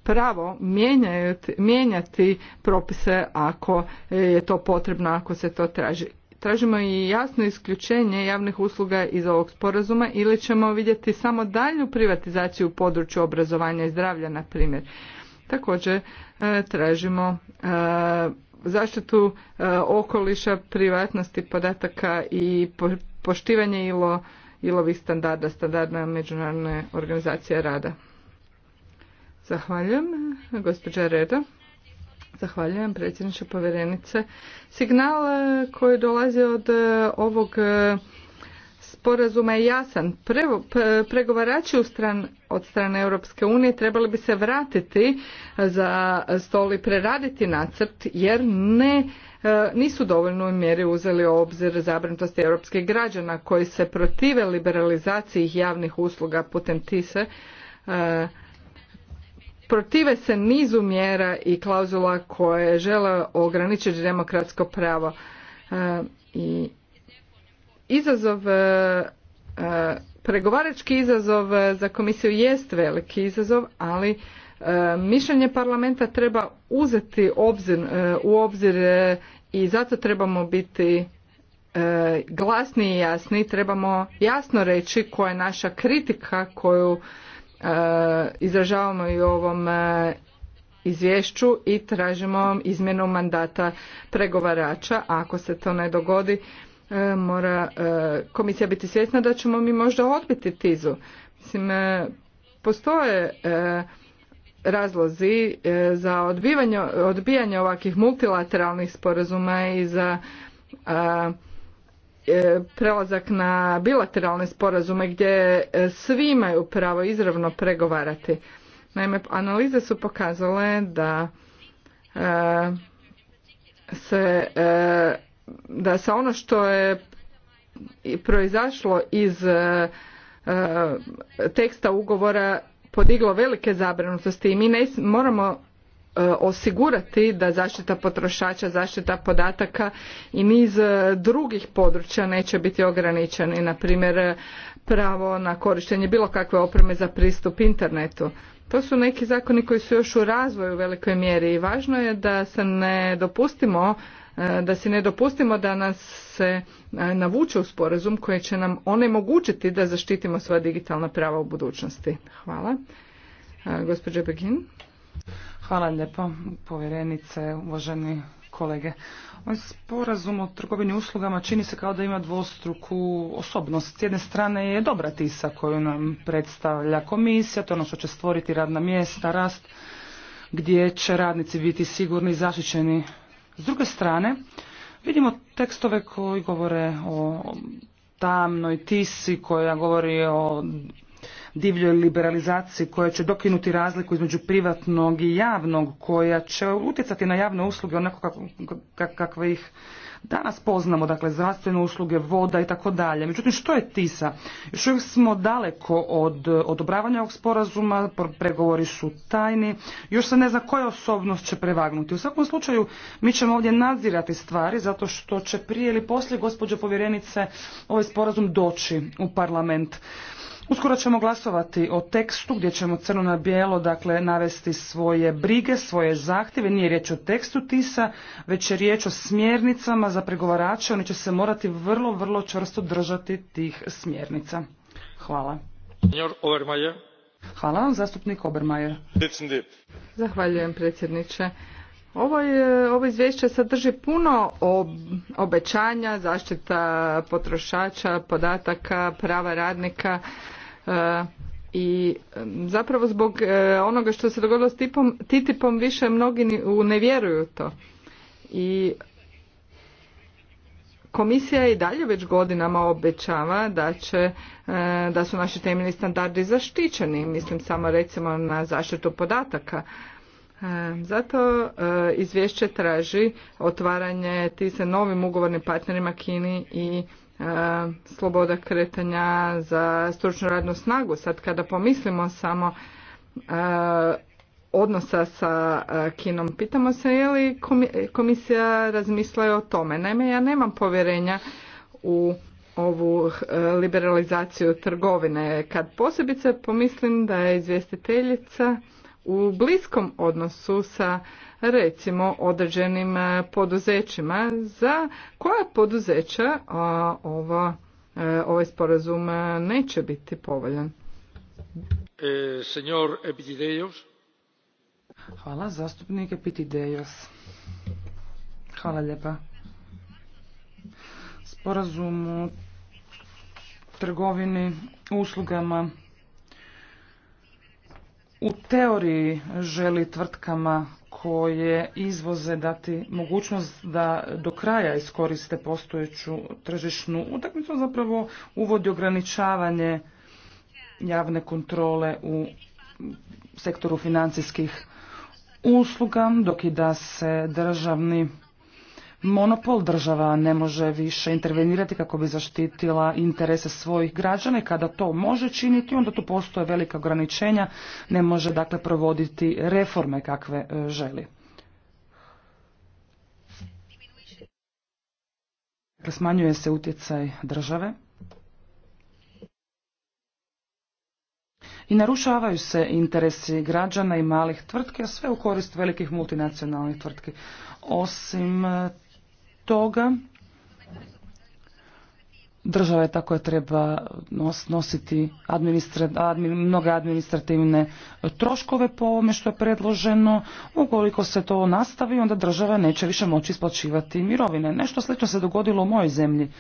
pravo mijenjati, mijenjati propise ako e, je to potrebno, ako se to traži. Tražimo i jasno isključenje javnih usluga iz ovog sporazuma ili ćemo vidjeti samo dalju privatizaciju u području obrazovanja i zdravlja, na primjer. Također e, tražimo e, zaštitu e, okoliša, privatnosti podataka i poštivanje ilo, ilovih standarda, standardna međunarodne organizacije rada. Zahvaljujem, gospođa Reda. Zahvaljujem, predsjedniče povjerenice. Signal koji dolazi od ovog sporazuma je jasan. pregovarači u stran, od strane Europske unije trebali bi se vratiti e, za stol i preraditi nacrt jer ne e, nisu dovoljno u mjeri uzeli u obzir zabrinutosti europskih građana koji se protive liberalizaciji javnih usluga putem TISE e, protive se nizu mjera i klauzula koje žele ograničiti demokratsko pravo i izazov e, e, pregovarački izazov za komisiju jest veliki izazov, ali e, mišljenje parlamenta treba uzeti obzir, u obzir i zato trebamo biti glasni i jasni, trebamo jasno reći koja je naša kritika koju izražavamo i u ovom izvješću i tražimo izmjenu mandata pregovarača. Ako se to ne dogodi, E, mora e, komisija biti svjesna da ćemo mi možda odbiti tizu. Mislim, e, postoje razlozi za odbivanje, odbijanje ovakvih multilateralnih sporazuma i za prelazak na bilateralne sporazume gdje svi imaju pravo izravno pregovarati. Naime, analize su pokazale da se da se ono što je proizašlo iz e, e, teksta ugovora podiglo velike zabrinutosti i mi ne moramo e, osigurati da zaštita potrošača, zaštita podataka i niz drugih područja neće biti ograničeni, na primjer pravo na korištenje bilo kakve opreme za pristup internetu. To su neki zakoni koji su još u razvoju u velikoj mjeri i važno je da se ne dopustimo E, da si ne dopustimo da nas se e, navuče u sporazum koji će nam onemogućiti da zaštitimo sva digitalna prava u budućnosti. Hvala. E, Gospođa Begin. Hvala lijepo, povjerenice, uvaženi kolege. Ovaj sporazum o trgovini uslugama čini se kao da ima dvostruku osobnost. S jedne strane je dobra tisa koju nam predstavlja komisija, to je ono što će stvoriti radna mjesta, rast, gdje će radnici biti sigurni i zaštićeni s druge strane, vidimo tekstove koji govore o tamnoj tisi koja govori o divljoj liberalizaciji koja će dokinuti razliku između privatnog i javnog koja će utjecati na javne usluge onako kakve ih Danas poznamo dakle zdravstvene usluge, voda i tako dalje. Međutim, što je TISA? Još uvijek smo daleko od odobravanja ovog sporazuma, pregovori su tajni, još se ne zna koja osobnost će prevagnuti. U svakom slučaju mi ćemo ovdje nadzirati stvari zato što će prije ili poslije gospođo povjerenice ovaj sporazum doći u parlament. Uskoro ćemo glasovati o tekstu gdje ćemo crno na bijelo dakle, navesti svoje brige, svoje zahtjeve. Nije riječ o tekstu TISA, već je riječ o smjernicama za pregovarače. Oni će se morati vrlo, vrlo čvrsto držati tih smjernica. Hvala. Hvala vam, zastupnik Obermajer. Zahvaljujem, predsjedniče. Ovo, je, ovo izvješće sadrži puno obećanja, zaštita potrošača, podataka, prava radnika, E, i zapravo zbog e, onoga što se dogodilo s tipom, ttip više mnogi ne vjeruju to. I komisija i dalje već godinama obećava da će e, da su naši temeljni standardi zaštićeni mislim samo recimo na zaštitu podataka zato izvješće traži otvaranje se novim ugovornim partnerima Kini i E, sloboda kretanja za stručnu radnu snagu. Sad kada pomislimo samo e, odnosa sa e, Kinom, pitamo se je li komisija razmisla o tome. Naime, ja nemam povjerenja u ovu liberalizaciju trgovine. Kad posebice pomislim da je izvjestiteljica u bliskom odnosu sa recimo određenim e, poduzećima za koja poduzeća ova e, ovaj sporazum e, neće biti povoljan. E, senjor Epitidejos. Hvala, zastupnik Epitidejos. Hvala lijepa. Sporazum trgovini, uslugama, u teoriji želi tvrtkama koje izvoze dati mogućnost da do kraja iskoriste postojeću tržišnu utakmicu, zapravo uvodi ograničavanje javne kontrole u sektoru financijskih usluga, dok i da se državni monopol država ne može više intervenirati kako bi zaštitila interese svojih građana i kada to može činiti onda tu postoje velika ograničenja, ne može dakle provoditi reforme kakve e, želi. Dakle, smanjuje se utjecaj države. i narušavaju se interesi građana i malih tvrtki, a sve u korist velikih multinacionalnih tvrtki. Osim e, toga država je tako treba nositi administra, mnoge administrativne troškove po ovome što je predloženo. Ukoliko se to nastavi, onda država neće više moći isplaćivati mirovine. Nešto slično se dogodilo u mojoj zemlji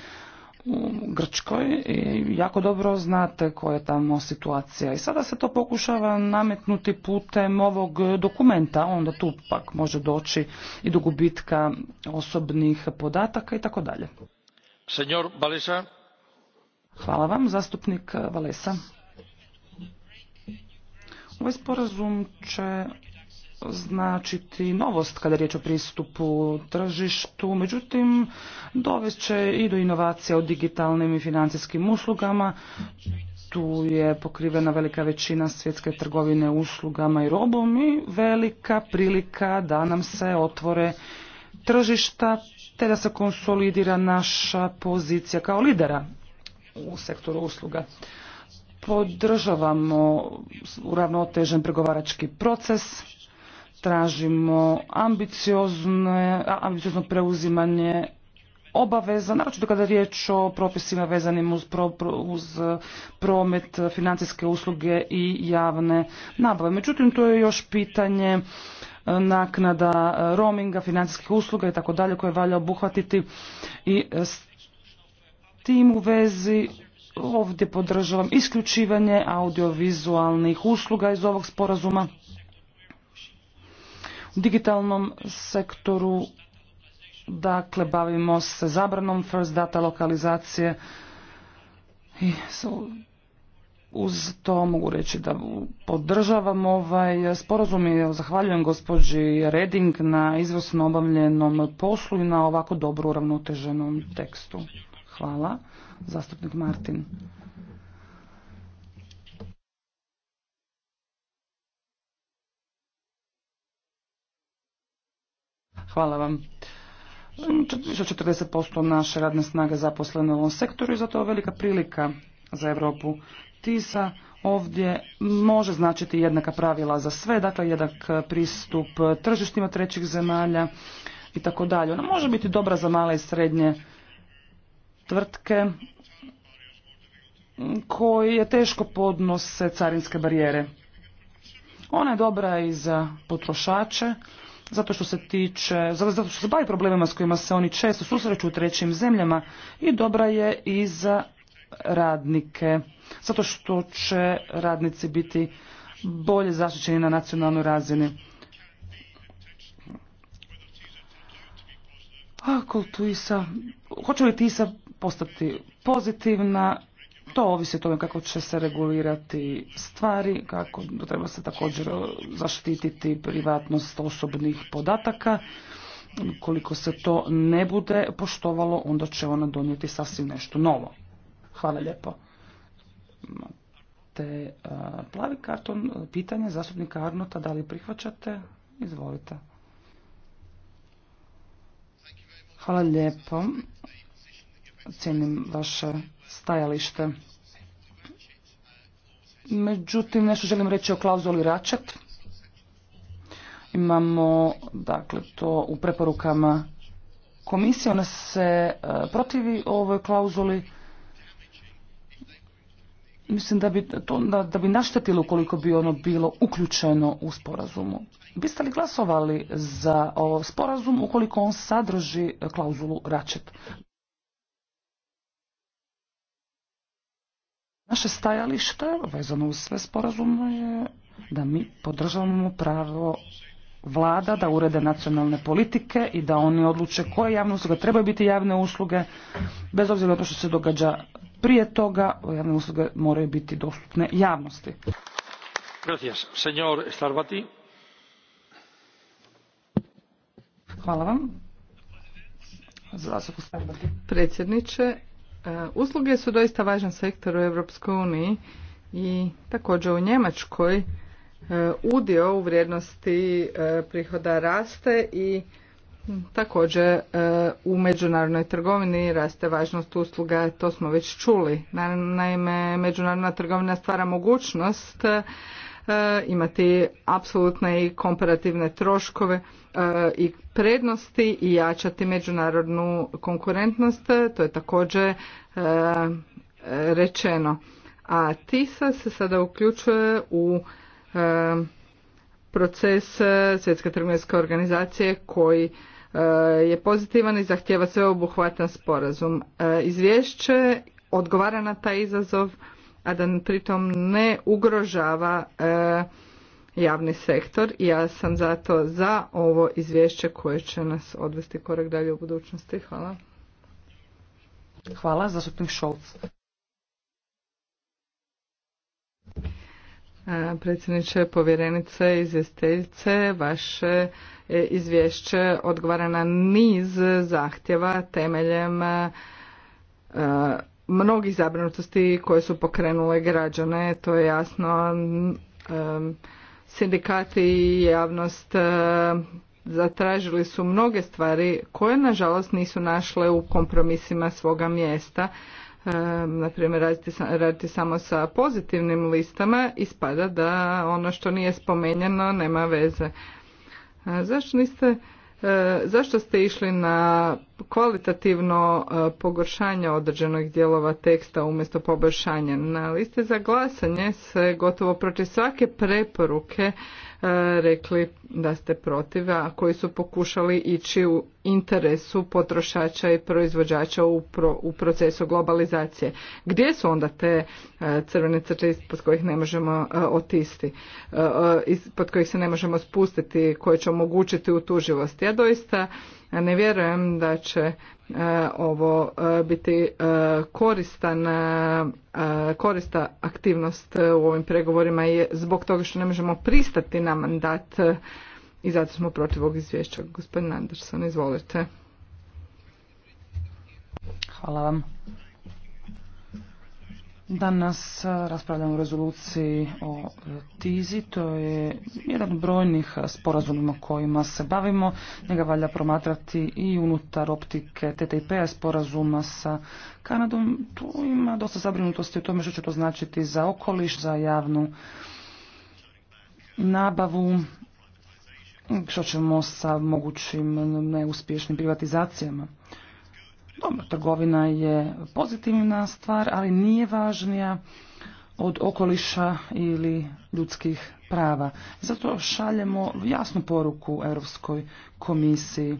u Grčkoj i jako dobro znate koja je tamo situacija. I sada se to pokušava nametnuti putem ovog dokumenta, onda tu pak može doći i do gubitka osobnih podataka i tako dalje. Senjor Valesa. Hvala vam, zastupnik Valesa. Ovaj sporazum će značiti novost kada je riječ o pristupu tržištu, međutim dovest će i do inovacija o digitalnim i financijskim uslugama. Tu je pokrivena velika većina svjetske trgovine uslugama i robom i velika prilika da nam se otvore tržišta te da se konsolidira naša pozicija kao lidera u sektoru usluga. Podržavamo uravnotežen pregovarački proces tražimo ambiciozno preuzimanje obaveza, naročito kada je riječ o propisima vezanim uz, uz promet, financijske usluge i javne nabave. Međutim, to je još pitanje e, naknada e, roaminga, financijskih usluga i tako dalje koje valja obuhvatiti i e, s tim u vezi ovdje podržavam isključivanje audiovizualnih usluga iz ovog sporazuma digitalnom sektoru. Dakle, bavimo se zabranom first data lokalizacije i uz to mogu reći da podržavam ovaj sporazum i zahvaljujem gospođi Reding na izvrsno obavljenom poslu i na ovako dobro uravnoteženom tekstu. Hvala. Zastupnik Martin. Hvala vam. Više od 40% naše radne snage zaposlene u ovom sektoru i zato je velika prilika za Europu. TISA ovdje može značiti jednaka pravila za sve, dakle jednak pristup tržištima trećih zemalja i tako dalje. Ona može biti dobra za male i srednje tvrtke koje teško podnose carinske barijere. Ona je dobra i za potrošače, zato što se tiče, zato što se bavi problemima s kojima se oni često susreću u trećim zemljama i dobra je i za radnike, zato što će radnici biti bolje zaštićeni na nacionalnoj razini. Ako tu hoće li Tisa postati pozitivna to ovisi o tome kako će se regulirati stvari, kako treba se također zaštititi privatnost osobnih podataka. Koliko se to ne bude poštovalo, onda će ona donijeti sasvim nešto novo. Hvala lijepo. Te plavi karton, pitanje zastupnika Arnota, da li prihvaćate? Izvolite. Hvala lijepo. Cijenim vaše stajalište. Međutim, nešto želim reći o klauzuli Račet. Imamo, dakle, to u preporukama komisije. Ona se e, protivi ovoj klauzuli. Mislim da bi, to, da, bi naštetilo ukoliko bi ono bilo uključeno u sporazumu. Biste li glasovali za ovaj sporazum ukoliko on sadrži klauzulu Račet? Naše stajalište vezano uz sve sporazumno je da mi podržavamo pravo vlada da urede nacionalne politike i da oni odluče koje javne usluge trebaju biti javne usluge, bez obzira na to što se događa prije toga, javne usluge moraju biti dostupne javnosti. Hvala vam. Predsjedniče, E, usluge su doista važan sektor u Europskoj uniji i također u Njemačkoj e, udio u vrijednosti e, prihoda raste i također u međunarodnoj trgovini raste važnost usluga, to smo već čuli. Naime, međunarodna trgovina stvara mogućnost E, imati apsolutne i komparativne troškove e, i prednosti i jačati međunarodnu konkurentnost, to je također e, rečeno. A TISA se sada uključuje u proces Svjetske trgovinske organizacije koji je pozitivan i zahtjeva sveobuhvatan sporazum. Izvješće odgovara na taj izazov a da pritom ne ugrožava e, javni sektor i ja sam zato za ovo izvješće koje će nas odvesti korak dalje u budućnosti. Hvala. Hvala, zastupnik Šolc. E, predsjedniče, povjerenice, izvjestiteljice, vaše e, izvješće odgovara na niz zahtjeva temeljem mnogih zabrinutosti koje su pokrenule građane, to je jasno. Sindikati i javnost e, zatražili su mnoge stvari koje nažalost nisu našle u kompromisima svoga mjesta. Na primjer, raditi, raditi samo sa pozitivnim listama ispada da ono što nije spomenjeno nema veze. Zašto niste E, zašto ste išli na kvalitativno e, pogoršanje određenog dijelova teksta umjesto poboljšanja? Na liste za glasanje se gotovo protiv svake preporuke e, rekli da ste protiv, a koji su pokušali ići u interesu potrošača i proizvođača u, u procesu globalizacije. Gdje su onda te e, crvene crte ispod kojih ne možemo e, otisti, e, ispod kojih se ne možemo spustiti, koje će omogućiti utuživost? Ja doista ne vjerujem da će ovo biti koristan, korista aktivnost u ovim pregovorima i zbog toga što ne možemo pristati na mandat i zato smo protiv ovog izvješća. Gospodin Anderson, izvolite. Hvala vam. Danas eh, raspravljamo o rezoluciji o Tizi, to je jedan od brojnih eh, sporazumima kojima se bavimo. Njega valja promatrati i unutar optike ttip p-a sporazuma sa Kanadom. Tu ima dosta zabrinutosti o tome što će to značiti za okoliš, za javnu nabavu što ćemo sa mogućim neuspješnim privatizacijama. Dobro, trgovina je pozitivna stvar, ali nije važnija od okoliša ili ljudskih prava. Zato šaljemo jasnu poruku Europskoj komisiji.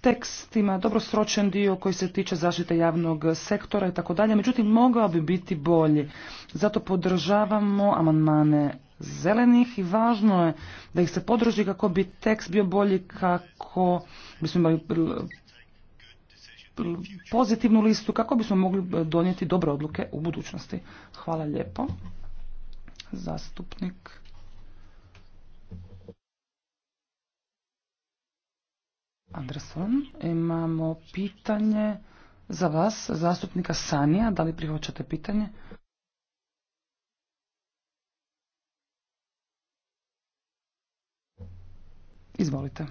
Tekstima dobro sročen dio koji se tiče zaštite javnog sektora i tako dalje, međutim mogao bi biti bolji. Zato podržavamo amandmane zelenih i važno je da ih se podrži kako bi tekst bio bolji, kako bismo imali pozitivnu listu, kako bismo mogli donijeti dobre odluke u budućnosti. Hvala lijepo. Zastupnik. Anderson, imamo pitanje za vas, zastupnika Sanija. Da li prihvaćate pitanje? Izvolite.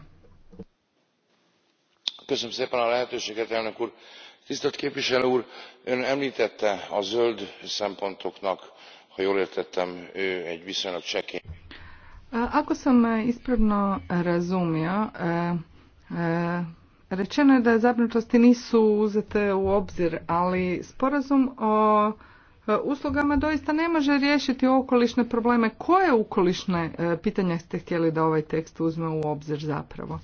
Köszönöm szépen a lehetőséget, elnök úr. Tisztelt képviselő úr, ön említette a zöld szempontoknak, ha jól értettem, ő egy viszonylag csekély. Ako sam e, ispravno razumio, e, e, rečeno je da zabrinutosti nisu uzete u obzir, ali sporazum o E, uslugama doista ne može riješiti okolišne probleme. Koje okolišne e, pitanja ste htjeli da ovaj tekst uzme u obzir zapravo?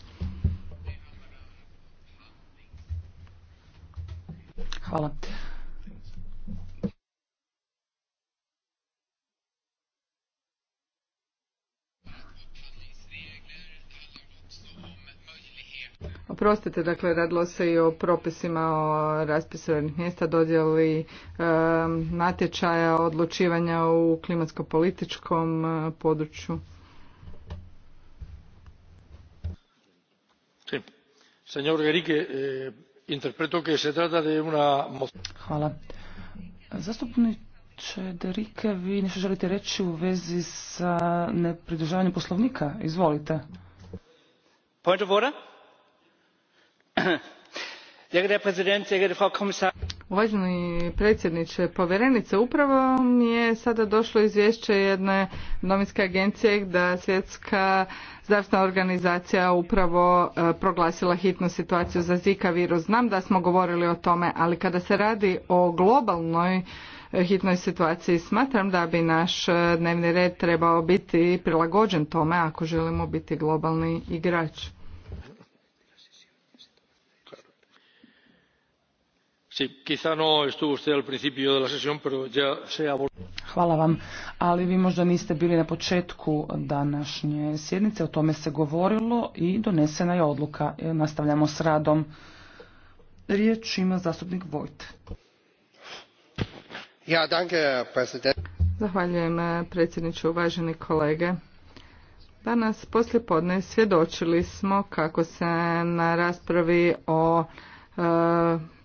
Hvala. Oprostite, dakle, radilo se i o propisima o raspisu mjesta, dodjeli e, natječaja, odlučivanja u klimatsko-političkom e, području. Eh, Hvala. Zastupniče Derike, vi nešto želite reći u vezi sa nepridržavanjem poslovnika? Izvolite. Point of Uvaženi predsjedniče povjerenice, upravo mi je sada došlo izvješće jedne novinske agencije da svjetska zdravstvena organizacija upravo e, proglasila hitnu situaciju za Zika virus. Znam da smo govorili o tome, ali kada se radi o globalnoj e, hitnoj situaciji smatram da bi naš e, dnevni red trebao biti prilagođen tome ako želimo biti globalni igrač. Hvala vam, ali vi možda niste bili na početku današnje sjednice, o tome se govorilo i donesena je odluka. E, nastavljamo s radom. Riječ ima zastupnik Vojt. Ja, danke, Zahvaljujem e, predsjedniče, uvaženi kolege. Danas poslijepodne svjedočili smo kako se na raspravi o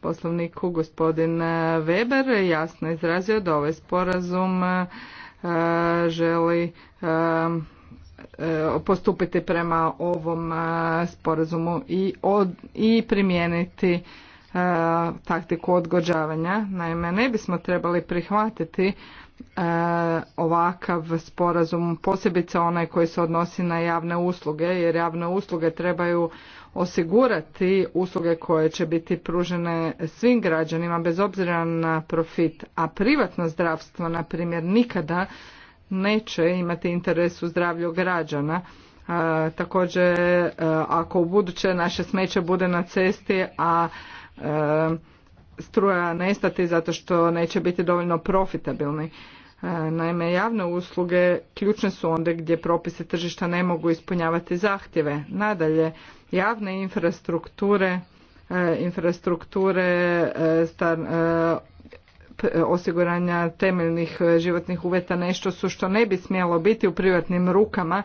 poslovniku gospodin Weber jasno izrazio da ovaj sporazum želi e, postupiti prema ovom sporazumu i, i primijeniti taktiku odgođavanja. Naime, ne bismo trebali prihvatiti ovakav sporazum, posebice onaj koji se odnosi na javne usluge, jer javne usluge trebaju osigurati usluge koje će biti pružene svim građanima bez obzira na profit, a privatno zdravstvo, na primjer, nikada neće imati interes u zdravlju građana. također, e, ako u buduće naše smeće bude na cesti, a, e, struja nestati zato što neće biti dovoljno profitabilni. E, naime, javne usluge ključne su onda gdje propise tržišta ne mogu ispunjavati zahtjeve. Nadalje, javne infrastrukture, e, infrastrukture e, e, osiguranja temeljnih životnih uvjeta nešto su što ne bi smjelo biti u privatnim rukama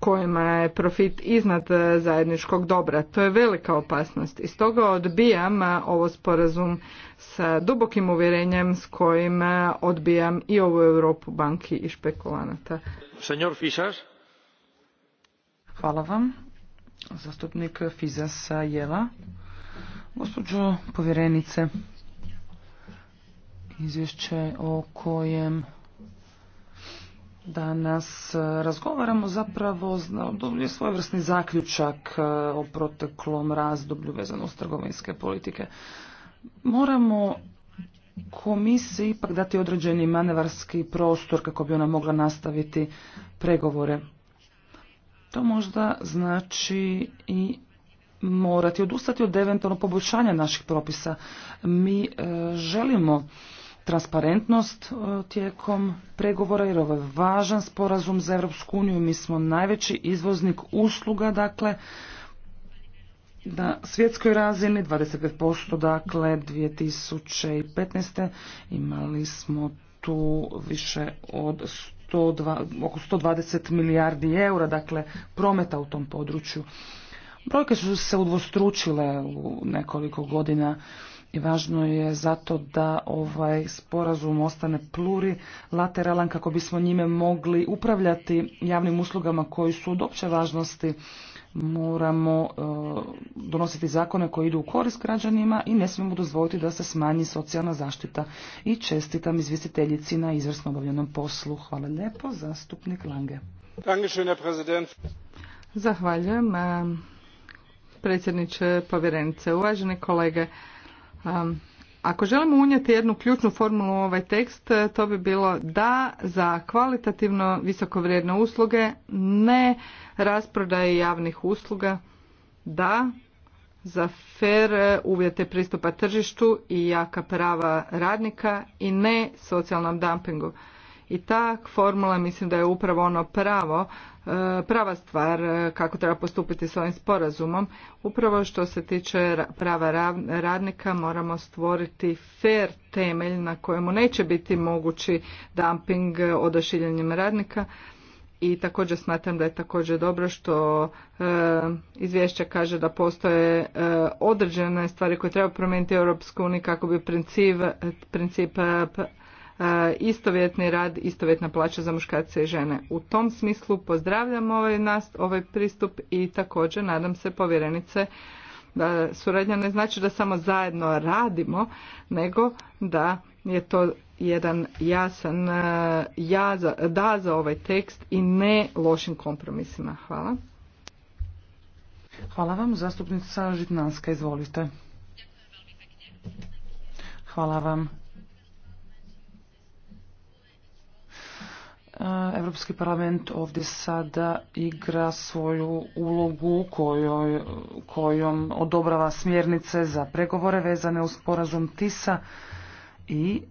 kojima je profit iznad zajedničkog dobra. To je velika opasnost i stoga odbijam ovo sporazum sa dubokim uvjerenjem s kojim odbijam i ovu Europu banki i špekulanata. Hvala vam. Zastupnik Fizasa Jela. Gospođo povjerenice, izvješće o kojem danas razgovaramo zapravo je svojevrsni zaključak e, o proteklom razdoblju vezano uz trgovinske politike. Moramo komisiji ipak dati određeni manevarski prostor kako bi ona mogla nastaviti pregovore. To možda znači i morati odustati od eventualno poboljšanja naših propisa. Mi e, želimo transparentnost e, tijekom pregovora jer ovo je važan sporazum za Europsku uniju. Mi smo najveći izvoznik usluga, dakle, na svjetskoj razini 25%, dakle 2015. imali smo tu više od 102, oko 120 milijardi eura, dakle prometa u tom području. Brojke su se udvostručile u nekoliko godina i važno je zato da ovaj sporazum ostane plurilateralan kako bismo njime mogli upravljati javnim uslugama koji su od opće važnosti moramo e, donositi zakone koji idu u korist građanima i ne smijemo dozvoliti da se smanji socijalna zaštita. I čestitam izvjestiteljici na izvrsno obavljenom poslu. Hvala lijepo, zastupnik Lange. Zahvaljujem e, predsjedniče povjerenice. uvažene kolege, e, ako želimo unijeti jednu ključnu formulu u ovaj tekst, to bi bilo da za kvalitativno vrijedne usluge, ne rasprodaje javnih usluga, da za fer uvjete pristupa tržištu i jaka prava radnika i ne socijalnom dumpingu. I ta formula mislim da je upravo ono pravo, e, prava stvar e, kako treba postupiti s ovim sporazumom. Upravo što se tiče prava radnika moramo stvoriti fair temelj na kojemu neće biti mogući dumping odašiljanjem radnika i također smatram da je također dobro što e, izvješće kaže da postoje e, određene stvari koje treba promijeniti Europsku uniju kako bi princip, princip e, istovjetni rad, istovjetna plaća za muškarce i žene. U tom smislu pozdravljam ovaj, nas, ovaj pristup i također nadam se povjerenice da suradnja ne znači da samo zajedno radimo, nego da je to jedan jasan e, ja da za ovaj tekst i ne lošim kompromisima. Hvala. Hvala vam. Zastupnica Žitnanska, izvolite. Hvala vam. Europski parlament ovdje sada igra svoju ulogu kojom odobrava smjernice za pregovore vezane uz sporazum TISA i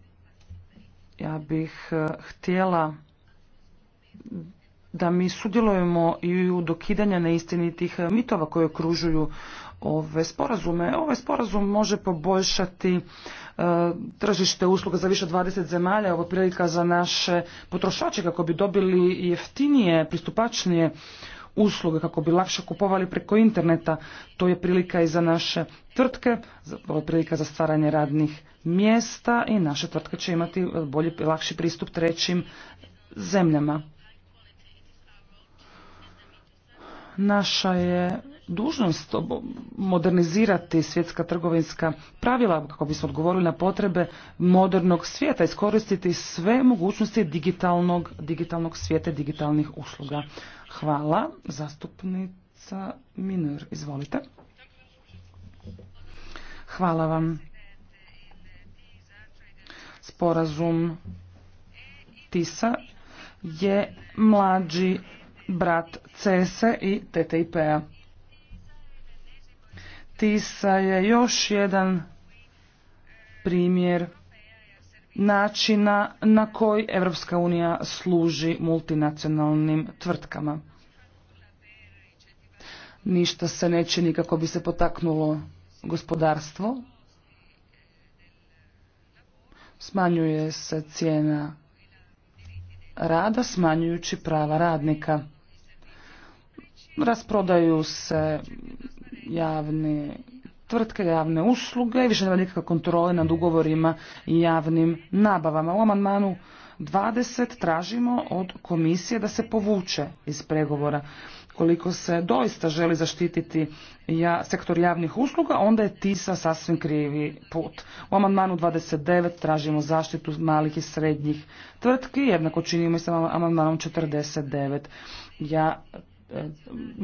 ja bih e, htjela da mi sudjelujemo i u dokidanja neistinitih mitova koje okružuju ove sporazume. Ovaj sporazum može poboljšati e, tržište usluga za više od 20 zemalja. Ovo je prilika za naše potrošače kako bi dobili jeftinije, pristupačnije usluge kako bi lakše kupovali preko interneta. To je prilika i za naše tvrtke, ovo je prilika za stvaranje radnih mjesta i naše tvrtke će imati bolji, lakši pristup trećim zemljama. Naša je dužnost modernizirati svjetska trgovinska pravila kako bismo odgovorili na potrebe modernog svijeta, iskoristiti sve mogućnosti digitalnog, digitalnog svijeta, digitalnih usluga. Hvala. Zastupnica Minur, izvolite. Hvala vam. Sporazum TISA je mlađi brat CESE i TTIP-a. Tisa je još jedan primjer načina na koji Europska unija služi multinacionalnim tvrtkama. Ništa se neće nikako kako bi se potaknulo gospodarstvo. Smanjuje se cijena rada, smanjujući prava radnika. Rasprodaju se javne tvrtke, javne usluge više nema nikakve kontrole nad ugovorima i javnim nabavama. U amandmanu 20 tražimo od komisije da se povuče iz pregovora. Koliko se doista želi zaštititi ja, sektor javnih usluga, onda je TISA sasvim krivi put. U amandmanu 29 tražimo zaštitu malih i srednjih tvrtki, jednako činimo i sa amandmanom 49. Ja E,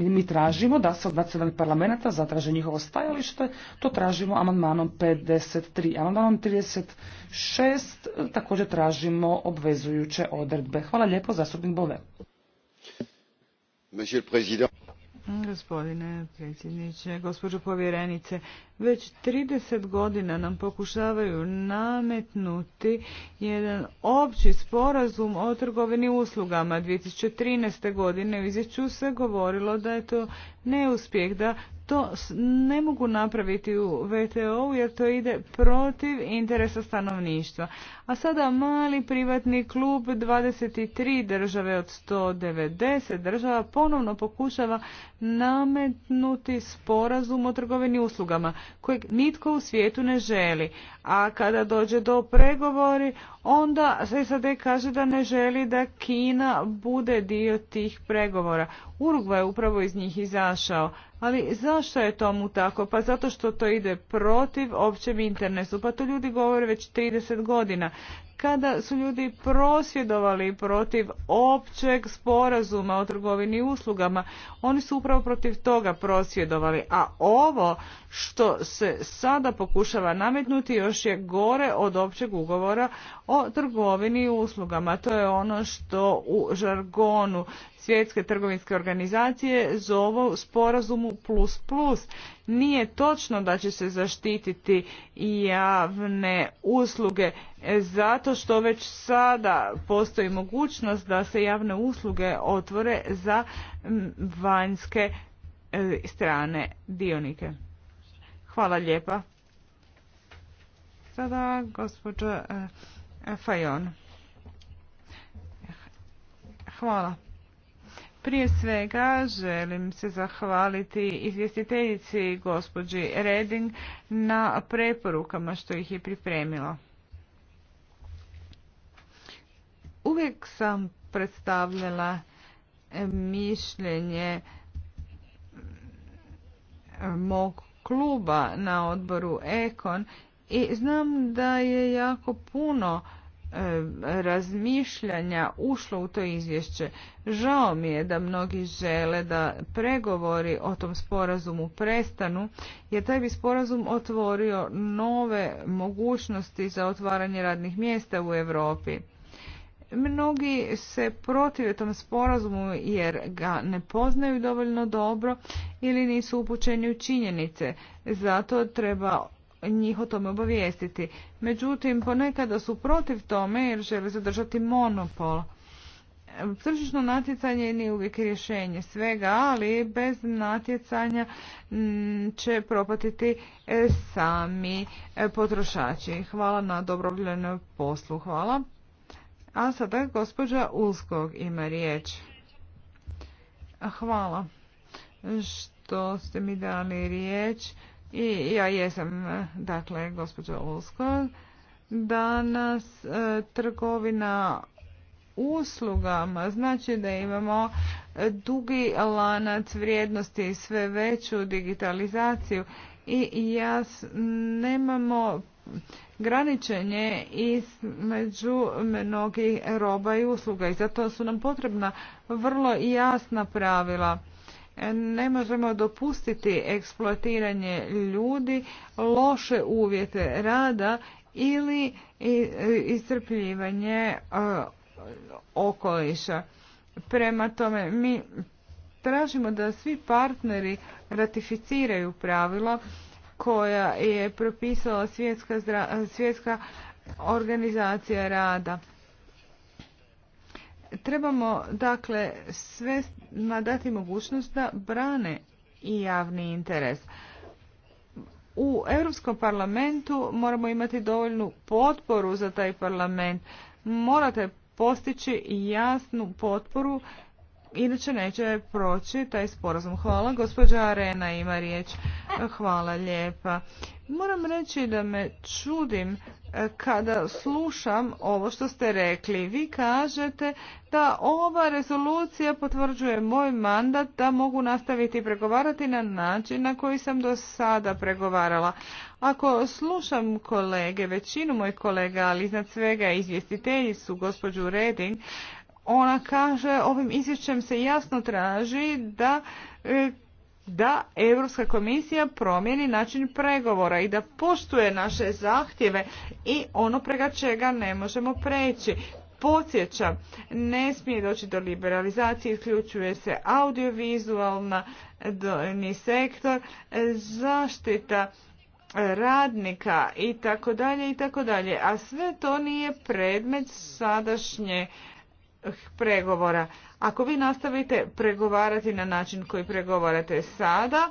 mi tražimo da se od nacionalnih parlamenta zatraže njihovo stajalište, to tražimo amandmanom 53. Amandmanom 36 e, također tražimo obvezujuće odredbe. Hvala lijepo, zastupnik Bove. Gospodine predsjedniče, gospođo povjerenice, već 30 godina nam pokušavaju nametnuti jedan opći sporazum o trgovini uslugama. 2013. godine u izvješću se govorilo da je to neuspjeh, da to ne mogu napraviti u VTO jer to ide protiv interesa stanovništva. A sada mali privatni klub 23 države od 190 država ponovno pokušava nametnuti sporazum o trgovini uslugama kojeg nitko u svijetu ne želi. A kada dođe do pregovori onda SAD kaže da ne želi da Kina bude dio tih pregovora. Urugva je upravo iz njih izašao. Ali zašto je tomu tako? Pa zato što to ide protiv općem internetu. Pa to ljudi govore već 30 godina kada su ljudi prosvjedovali protiv općeg sporazuma o trgovini i uslugama. Oni su upravo protiv toga prosvjedovali, a ovo što se sada pokušava nametnuti još je gore od općeg ugovora o trgovini i uslugama. To je ono što u žargonu Svjetske trgovinske organizacije zovu sporazumu plus plus nije točno da će se zaštititi javne usluge zato što već sada postoji mogućnost da se javne usluge otvore za vanjske e, strane dionike. Hvala lijepa. Sada gospođa e, Fajon. Hvala. Prije svega želim se zahvaliti izvjestiteljici gospođi Reding na preporukama što ih je pripremila. Uvijek sam predstavljala mišljenje mog kluba na odboru Ekon i znam da je jako puno E, razmišljanja ušlo u to izvješće. Žao mi je da mnogi žele da pregovori o tom sporazumu prestanu, jer taj bi sporazum otvorio nove mogućnosti za otvaranje radnih mjesta u Europi. Mnogi se protive tom sporazumu jer ga ne poznaju dovoljno dobro ili nisu upućeni u činjenice. Zato treba njih o tome obavijestiti. Međutim, ponekada su protiv tome jer žele zadržati monopol. Tržišno natjecanje nije uvijek rješenje svega, ali bez natjecanja mm, će propatiti e, sami e, potrošači. Hvala na dobrovoljenom poslu. Hvala. A sada gospođa Ulskog ima riječ. Hvala što ste mi dali riječ. I ja jesam, dakle, gospođa Olsko. Danas e, trgovina uslugama znači da imamo dugi lanac vrijednosti i sve veću digitalizaciju i jas nemamo graničenje između mnogih roba i usluga i zato su nam potrebna vrlo jasna pravila ne možemo dopustiti eksploatiranje ljudi, loše uvjete rada ili iscrpljivanje okoliša. Prema tome, mi tražimo da svi partneri ratificiraju pravila koja je propisala svjetska, svjetska organizacija rada. Trebamo dakle sve dati mogućnost da brane i javni interes. U Europskom parlamentu moramo imati dovoljnu potporu za taj parlament. Morate postići jasnu potporu, inače neće proći taj sporazum. Hvala, gospođa Arena ima riječ. Hvala lijepa. Moram reći da me čudim kada slušam ovo što ste rekli. Vi kažete da ova rezolucija potvrđuje moj mandat da mogu nastaviti pregovarati na način na koji sam do sada pregovarala. Ako slušam kolege, većinu mojih kolega, ali iznad svega izvjestitelji su gospođu Reding, ona kaže ovim izvješćem se jasno traži da e, da Europska komisija promijeni način pregovora i da poštuje naše zahtjeve i ono prega čega ne možemo preći. Podsjećam, ne smije doći do liberalizacije, isključuje se audiovizualna ni sektor, zaštita radnika i tako dalje i tako dalje. A sve to nije predmet sadašnje pregovora. Ako vi nastavite pregovarati na način koji pregovarate sada,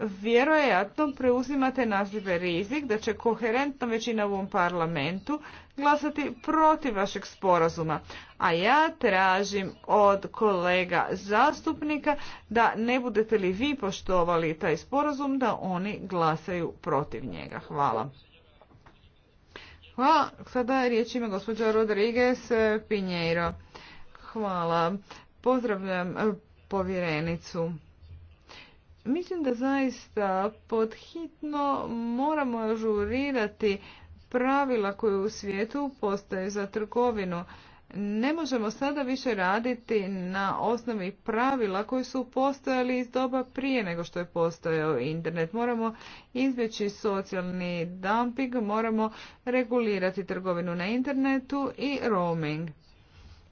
vjerojatno preuzimate nazive rizik da će koherentna većina u ovom parlamentu glasati protiv vašeg sporazuma. A ja tražim od kolega zastupnika da ne budete li vi poštovali taj sporazum da oni glasaju protiv njega. Hvala. Hvala. Sada riječ ima gospođa Rodriguez Pinheiro. Hvala. Pozdravljam eh, povjerenicu. Mislim da zaista podhitno moramo ažurirati pravila koje u svijetu postoje za trgovinu. Ne možemo sada više raditi na osnovi pravila koji su postojali iz doba prije nego što je postojao internet. Moramo izbjeći socijalni dumping, moramo regulirati trgovinu na internetu i roaming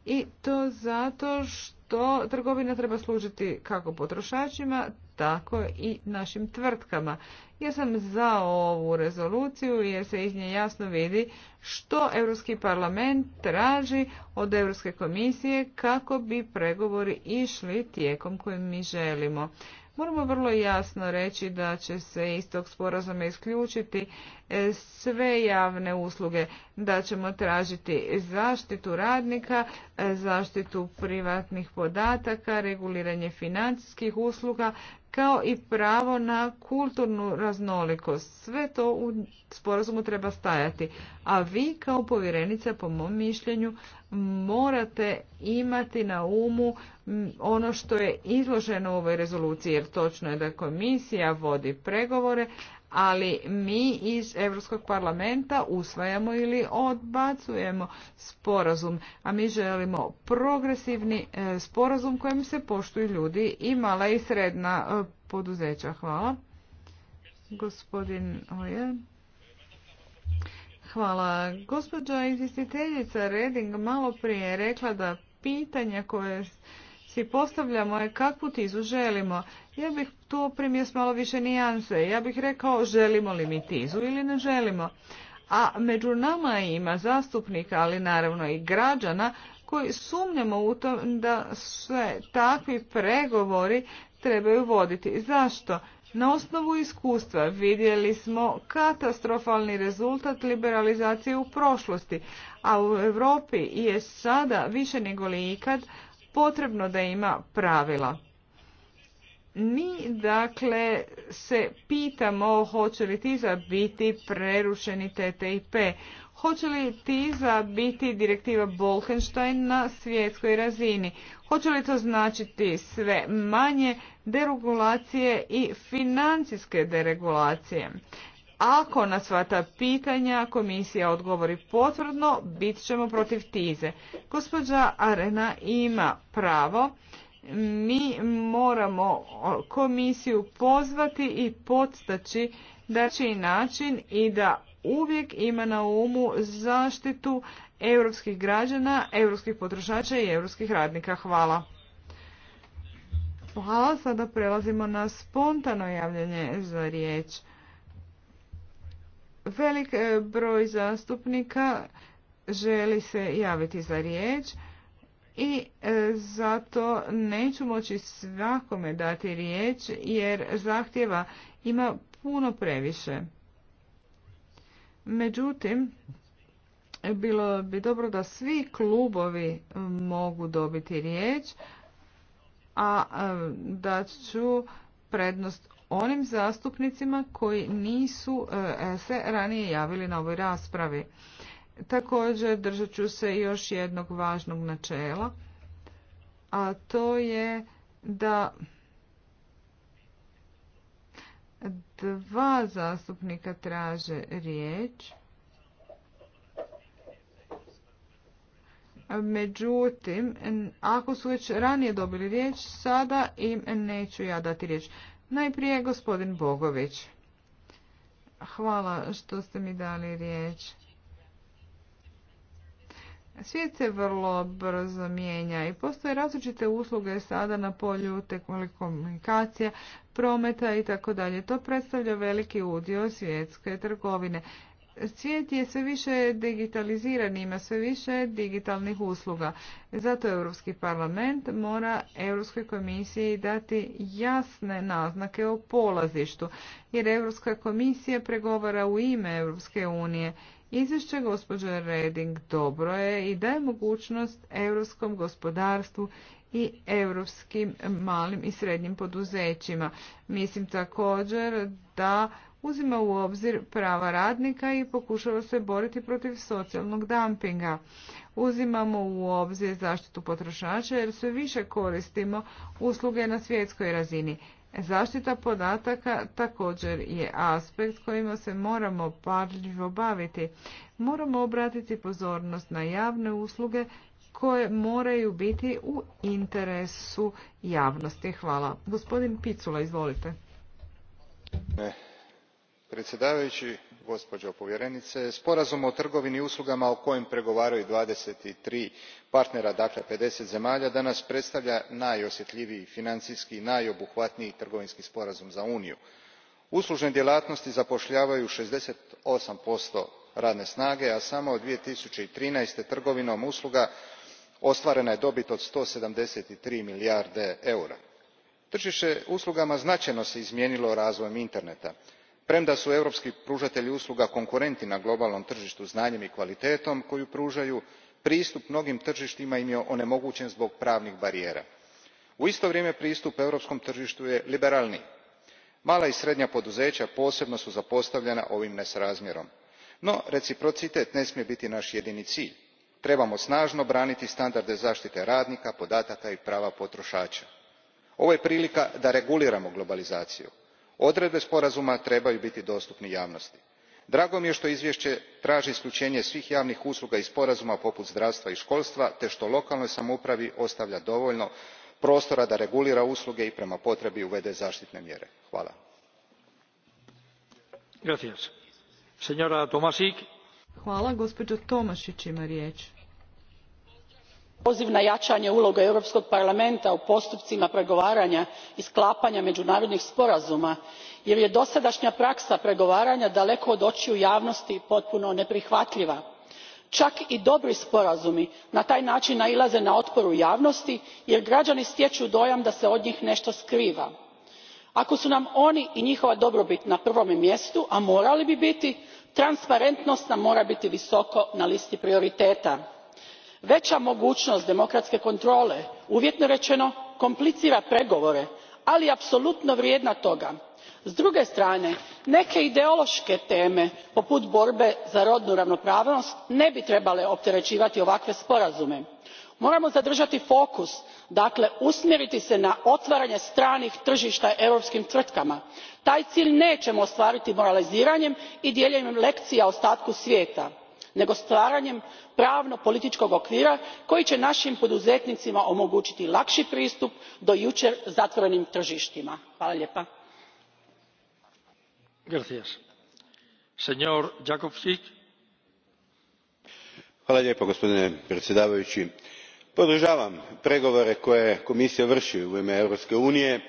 i to zato što trgovina treba služiti kako potrošačima, tako i našim tvrtkama. Ja sam za ovu rezoluciju jer se iz nje jasno vidi što Europski parlament traži od Europske komisije kako bi pregovori išli tijekom kojim mi želimo. Moramo vrlo jasno reći da će se iz tog sporazuma isključiti e, sve javne usluge, da ćemo tražiti zaštitu radnika, e, zaštitu privatnih podataka, reguliranje financijskih usluga kao i pravo na kulturnu raznolikost. Sve to u sporazumu treba stajati. A vi kao povjerenica, po mom mišljenju, morate imati na umu ono što je izloženo u ovoj rezoluciji, jer točno je da komisija vodi pregovore, ali mi iz Europskog parlamenta usvajamo ili odbacujemo sporazum, a mi želimo progresivni e, sporazum kojim se poštuju ljudi i mala i sredna e, poduzeća. Hvala. Gospodin Hvala. Gospođa izvjestiteljica Reding malo prije rekla da pitanja koje si postavljamo je kakvu tizu želimo. Ja bih tu primio s malo više nijanse. Ja bih rekao želimo li mi tizu ili ne želimo. A među nama ima zastupnika, ali naravno i građana, koji sumnjamo u to da se takvi pregovori trebaju voditi. Zašto? Na osnovu iskustva vidjeli smo katastrofalni rezultat liberalizacije u prošlosti, a u Europi je sada više nego li ikad potrebno da ima pravila. Mi dakle se pitamo hoće li za biti prerušeni TTIP, hoće li za biti direktiva Bolkenstein na svjetskoj razini, hoće li to značiti sve manje deregulacije i financijske deregulacije. Ako na sva ta pitanja komisija odgovori potvrdno, bit ćemo protiv tize. Gospođa Arena ima pravo. Mi moramo komisiju pozvati i podstaći da će i način i da uvijek ima na umu zaštitu europskih građana, europskih potrošača i europskih radnika. Hvala. Hvala, sada prelazimo na spontano javljanje za riječ. Velik e, broj zastupnika želi se javiti za riječ i e, zato neću moći svakome dati riječ jer zahtjeva ima puno previše. Međutim, bilo bi dobro da svi klubovi mogu dobiti riječ, a e, da ću prednost onim zastupnicima koji nisu e, se ranije javili na ovoj raspravi. Također držat ću se još jednog važnog načela, a to je da dva zastupnika traže riječ. Međutim, ako su već ranije dobili riječ, sada im neću ja dati riječ. Najprije gospodin Bogović. Hvala što ste mi dali riječ. Svijet se vrlo brzo mijenja i postoje različite usluge sada na polju telekomunikacija, prometa i tako dalje. To predstavlja veliki udio svjetske trgovine. Svijet je sve više digitaliziran, ima sve više digitalnih usluga. Zato Europski parlament mora Europskoj komisiji dati jasne naznake o polazištu, jer Europska komisija pregovara u ime Europske unije. Izvješće gospođe Reding dobro je i daje mogućnost europskom gospodarstvu i europskim malim i srednjim poduzećima. Mislim također da uzima u obzir prava radnika i pokušava se boriti protiv socijalnog dumpinga. Uzimamo u obzir zaštitu potrošača jer sve više koristimo usluge na svjetskoj razini. Zaštita podataka također je aspekt kojima se moramo pažljivo baviti. Moramo obratiti pozornost na javne usluge koje moraju biti u interesu javnosti. Hvala. Gospodin Picula, izvolite. Ne predsjedavajući gospođo povjerenice sporazum o trgovini uslugama o kojim pregovaraju dvadeset tri partnera dakle pedeset zemalja danas predstavlja najosjetljiviji financijski i najobuhvatniji trgovinski sporazum za uniju. uslužne djelatnosti zapošljavaju sixty eight radne snage a samo od. two thousand and thirteen trgovinom usluga ostvarena je dobit od one hundred and seventy three milijarde eura. tržište uslugama značajno se izmijenilo razvojem interneta premda su europski pružatelji usluga konkurentni na globalnom tržištu znanjem i kvalitetom koju pružaju pristup mnogim tržištima im je onemogućen zbog pravnih barijera. u isto vrijeme pristup europskom tržištu je liberalniji. mala i srednja poduzeća posebno su zapostavljena ovim nesrazmjerom. no reciprocitet ne smije biti naš jedini cilj. trebamo snažno braniti standarde zaštite radnika podataka i prava potrošača. ovo je prilika da reguliramo globalizaciju odredbe sporazuma trebaju biti dostupne javnosti. drago mi je što izvješće traži isključenje svih javnih usluga iz sporazuma poput zdravstva i školstva te što lokalnoj samoupravi ostavlja dovoljno prostora da regulira usluge i prema potrebi uvede zaštitne mjere. hvala. hvala tomašić ima riječ poziv na jačanje uloge europskog parlamenta u postupcima pregovaranja i sklapanja međunarodnih sporazuma jer je dosadašnja praksa pregovaranja daleko od očiju javnosti potpuno neprihvatljiva. čak i dobri sporazumi na taj način nailaze na otpor javnosti jer građani stječu dojam da se od njih nešto skriva. ako su nam oni i njihova dobrobit na prvome mjestu a morali bi biti transparentnost nam mora biti visoko na listi prioriteta veća mogućnost demokratske kontrole uvjetno rečeno komplicira pregovore ali je apsolutno vrijedna toga. s druge strane neke ideološke teme poput borbe za rodnu ravnopravnost ne bi trebale opterećivati ovakve sporazume. moramo zadržati fokus dakle usmjeriti se na otvaranje stranih tržišta europskim tvrtkama. taj cilj nećemo ostvariti moraliziranjem i dijeljenjem lekcija ostatku svijeta nego stvaranjem pravno političkog okvira koji će našim poduzetnicima omogućiti lakši pristup do jučer zatvorenim tržištima. gospodine predsjedavajući. podržavam pregovore koje komisija vrši u ime europske unije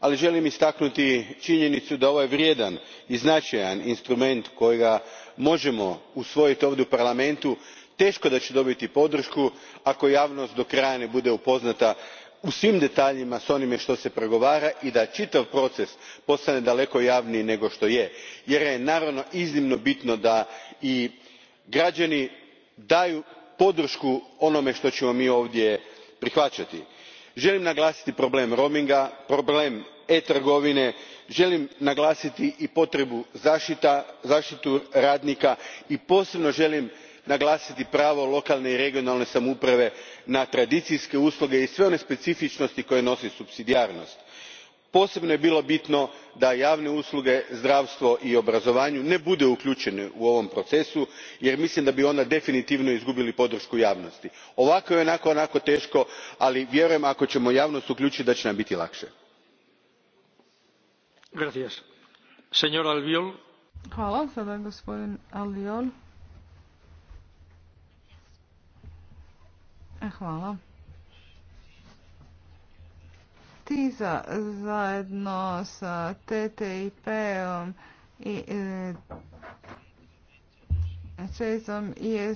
ali želim istaknuti činjenicu da je ovaj vrijedan i značajan instrument kojega možemo usvojiti ovdje u parlamentu. teško da će dobiti podršku ako javnost do kraja ne bude upoznata u svim detaljima s onime što se pregovara i da čitav proces postane daleko javniji nego što je jer je naravno iznimno bitno da i građani daju podršku onome što ćemo mi ovdje prihvaćati želim naglasiti problem roaminga problem e trgovine želim naglasiti i potrebu zaštite radnika i posebno želim naglasiti pravo lokalne i regionalne samouprave na tradicijske usluge i sve one specifičnosti koje nosi supsidijarnost posebno je bilo bitno da javne usluge zdravstvo i obrazovanje ne budu uključene u ovom procesu jer mislim da bi onda definitivno izgubili podršku javnosti. ovako je onako onako teško ali vjerujem ako ćemo javnost uključiti da će nam biti lakše. TISA zajedno sa TTIP-om i CES-om e, je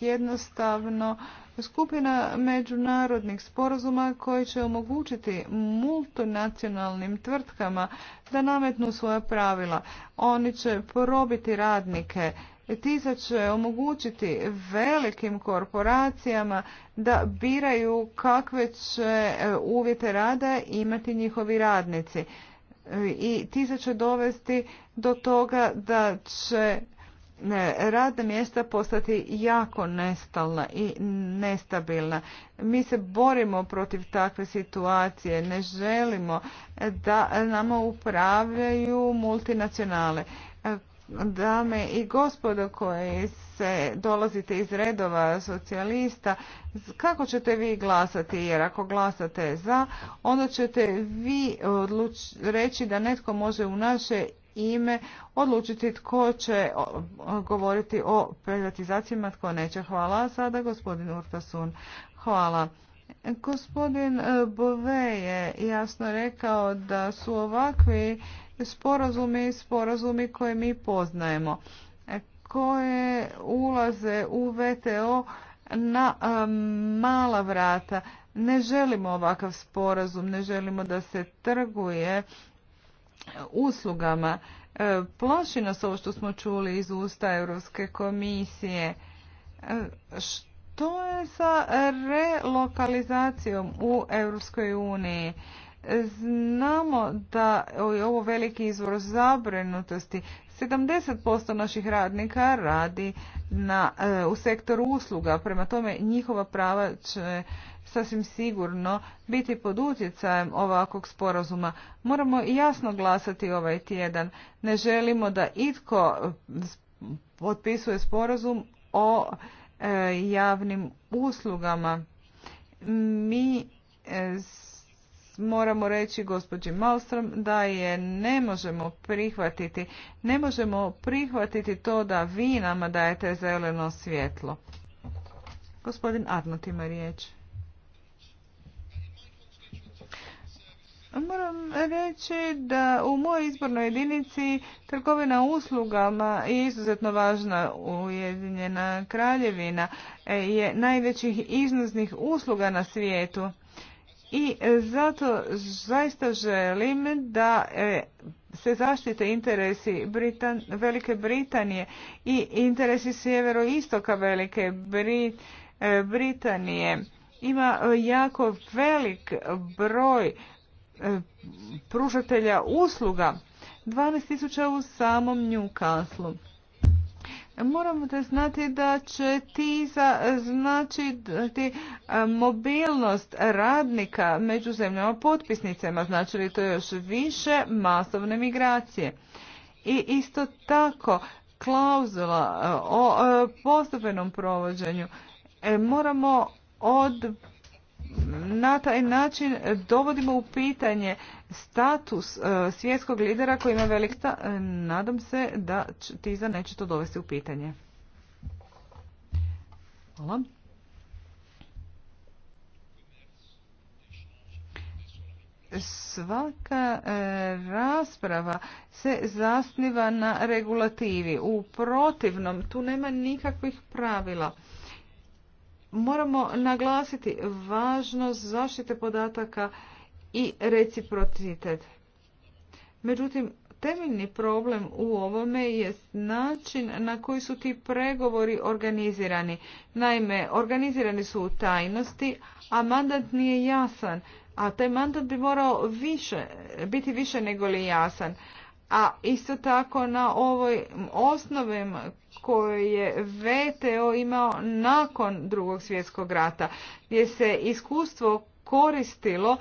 jednostavno skupina međunarodnih sporazuma koji će omogućiti multinacionalnim tvrtkama da nametnu svoja pravila. Oni će probiti radnike TISA će omogućiti velikim korporacijama da biraju kakve će e, uvjete rada imati njihovi radnici. E, I TISA će dovesti do toga da će e, radna mjesta postati jako nestalna i nestabilna. Mi se borimo protiv takve situacije, ne želimo da nama upravljaju multinacionale dame i gospodo koji se dolazite iz redova socijalista, kako ćete vi glasati? Jer ako glasate za, onda ćete vi reći da netko može u naše ime odlučiti tko će govoriti o privatizacijama, tko neće. Hvala. Sada gospodin Urtasun. Hvala. Gospodin e, Bove je jasno rekao da su ovakvi sporazumi i sporazumi koje mi poznajemo e, koje ulaze u VTO na e, mala vrata. Ne želimo ovakav sporazum, ne želimo da se trguje uslugama. E, plaši nas ovo što smo čuli iz usta Europske komisije. Što je sa relokalizacijom u Europskoj uniji? Znamo da je ovo veliki izvor zabrinutosti. 70% naših radnika radi na, e, u sektoru usluga, prema tome njihova prava će sasvim sigurno biti pod utjecajem ovakvog sporazuma. Moramo jasno glasati ovaj tjedan. Ne želimo da itko potpisuje sporazum o e, javnim uslugama. Mi e, moramo reći gospođi Malstrom da je ne možemo prihvatiti. Ne možemo prihvatiti to da vi nama dajete zeleno svjetlo. Gospodin Arnot ima riječ. Moram reći da u mojoj izbornoj jedinici trgovina uslugama je izuzetno važna Ujedinjena kraljevina je najvećih iznosnih usluga na svijetu. I zato zaista želim da e, se zaštite interesi Britan, Velike Britanije i interesi sjeveroistoka Velike e, Britanije. Ima jako velik broj e, pružatelja usluga, 12.000 u samom Newcastle. Moramo da znati da će TISA značiti e, mobilnost radnika među zemljama potpisnicama, znači li to još više masovne migracije. I isto tako, klauzula e, o e, postupenom provođenju moramo od na taj način dovodimo u pitanje status e, svjetskog lidera koji ima velik e, Nadam se da TIZA neće to dovesti u pitanje. Hvala. svaka e, rasprava se zasniva na regulativi. U protivnom, tu nema nikakvih pravila. Moramo naglasiti važnost zaštite podataka i reciprocitet. Međutim, temeljni problem u ovome je način na koji su ti pregovori organizirani. Naime, organizirani su u tajnosti, a mandat nije jasan, a taj mandat bi morao više, biti više nego li jasan. A isto tako na ovoj osnovem... koje je VTO imao nakon drugog svjetskog rata, gdje se iskustvo koristilo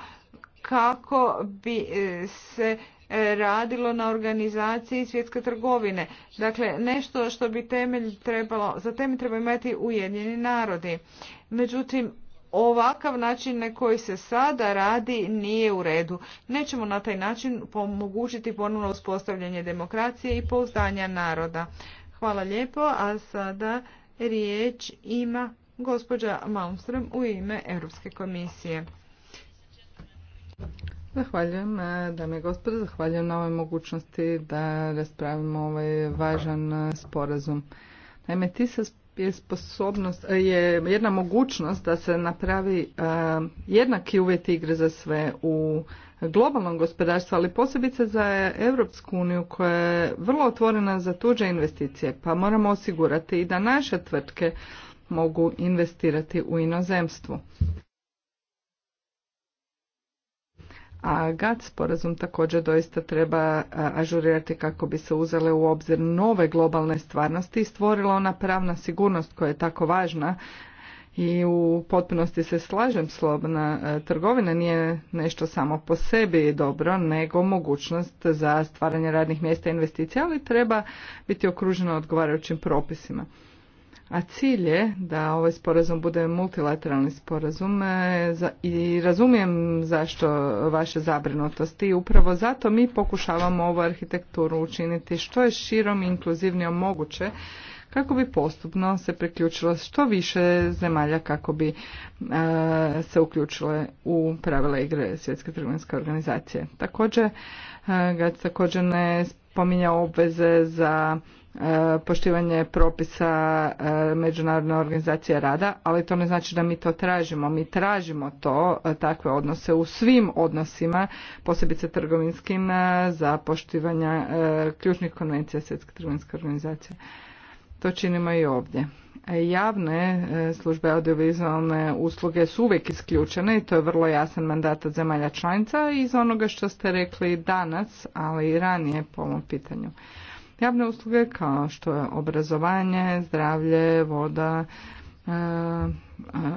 kako bi e, se e, radilo na organizaciji svjetske trgovine. Dakle, nešto što bi temelj trebalo, za temelj treba imati Ujedinjeni narodi. Međutim, ovakav način na koji se sada radi nije u redu. Nećemo na taj način omogućiti ponovno uspostavljanje demokracije i pouzdanja naroda. Hvala lijepo, a sada riječ ima gospođa Malmström u ime Europske komisije. Zahvaljujem, e, dame i gospode, zahvaljujem na ovoj mogućnosti da raspravimo ovaj važan e, sporazum. Naime, ti je sposobnost, e, je jedna mogućnost da se napravi jednaki uvjeti igre za sve u globalnom gospodarstvu, ali posebice za Europsku uniju koja je vrlo otvorena za tuđe investicije, pa moramo osigurati i da naše tvrtke mogu investirati u inozemstvu. A GAT sporazum također doista treba e, ažurirati kako bi se uzele u obzir nove globalne stvarnosti i stvorila ona pravna sigurnost koja je tako važna i u potpunosti se slažem, slobna e, trgovina nije nešto samo po sebi dobro, nego mogućnost za stvaranje radnih mjesta i investicija, ali treba biti okružena odgovarajućim propisima. A cilj je da ovaj sporazum bude multilateralni sporazum e, i razumijem zašto vaše zabrinutosti i upravo zato mi pokušavamo ovu arhitekturu učiniti što je širom i inkluzivnije moguće kako bi postupno se priključilo što više zemalja kako bi e, se uključile u pravila igre Svjetske trgovinske organizacije. Također, e, Gac također ne spominja obveze za E, poštivanje propisa e, Međunarodne organizacije rada, ali to ne znači da mi to tražimo. Mi tražimo to, e, takve odnose u svim odnosima, posebice trgovinskim, za poštivanje ključnih konvencija Svjetske trgovinske organizacije. To činimo i ovdje. Javne službe audiovizualne usluge su uvijek isključene i to je vrlo jasan mandat od zemalja članica iz onoga što ste rekli danas, ali i ranije po ovom pitanju javne usluge kao što je obrazovanje, zdravlje, voda, e,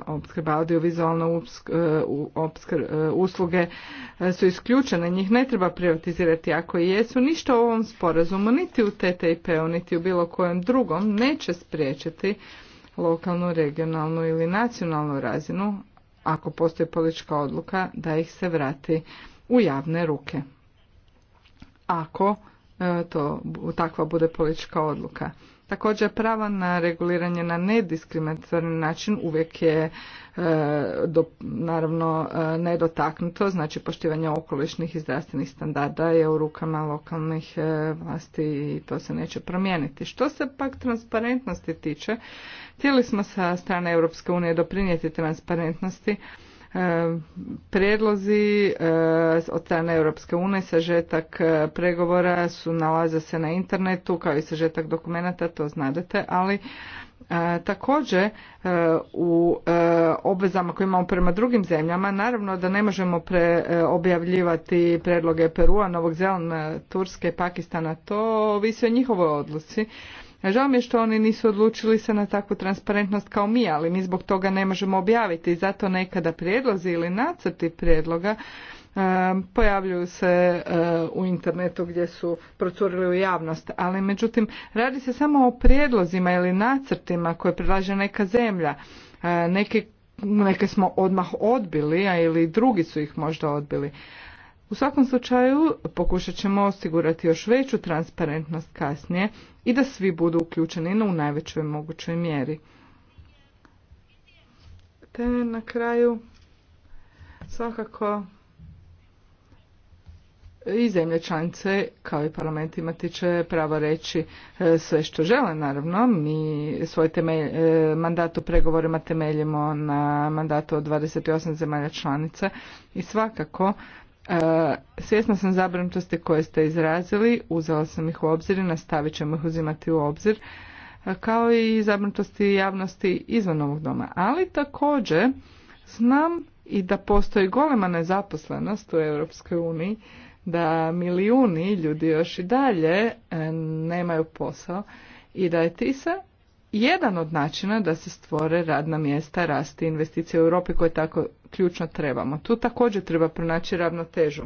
opskrba audiovizualne e, usluge e, su isključene, njih ne treba privatizirati ako i jesu, ništa u ovom sporazumu, niti u TTIP-u, niti u bilo kojem drugom neće spriječiti lokalnu, regionalnu ili nacionalnu razinu, ako postoji politička odluka, da ih se vrati u javne ruke. Ako E, to takva bude politička odluka. Također pravo na reguliranje na nediskriminatorni način uvijek je e, do, naravno e, nedotaknuto, znači poštivanje okolišnih i zdravstvenih standarda je u rukama lokalnih vlasti i to se neće promijeniti. Što se pak transparentnosti tiče, htjeli smo sa strane Europske unije doprinijeti transparentnosti, E, prijedlozi e, od strane Europske unije, sažetak e, pregovora su nalaze se na internetu kao i sažetak dokumenata, to znadete, ali također u obvezama koje imamo prema drugim zemljama, naravno da ne možemo pre objavljivati predloge Perua, Novog Zelanda, Turske, Pakistana, to ovisi o njihovoj odluci Žao mi je što oni nisu odlučili se na takvu transparentnost kao mi, ali mi zbog toga ne možemo objaviti zato nekada prijedlozi ili nacrti prijedloga e, pojavljuju se e, u internetu gdje su procurili u javnost, ali međutim radi se samo o prijedlozima ili nacrtima koje predlaže neka zemlja. E, neke, neke smo odmah odbili, a ili drugi su ih možda odbili. U svakom slučaju pokušat ćemo osigurati još veću transparentnost kasnije i da svi budu uključeni u najvećoj mogućoj mjeri. Te na kraju svakako i zemlje članice kao i parlament imati će pravo reći e, sve što žele naravno. Mi svoj temelj, e, mandat u pregovorima temeljimo na mandatu od 28 zemalja članica i svakako E, svjesna sam zabrinutosti koje ste izrazili, uzela sam ih u obzir i nastavit ćemo ih uzimati u obzir, e, kao i zabrinutosti javnosti izvan ovog doma. Ali također znam i da postoji golema nezaposlenost u Europskoj uniji, da milijuni ljudi još i dalje e, nemaju posao i da je TISA jedan od načina da se stvore radna mjesta, rasti investicije u Europi koje tako ključno trebamo. Tu također treba pronaći ravnotežu.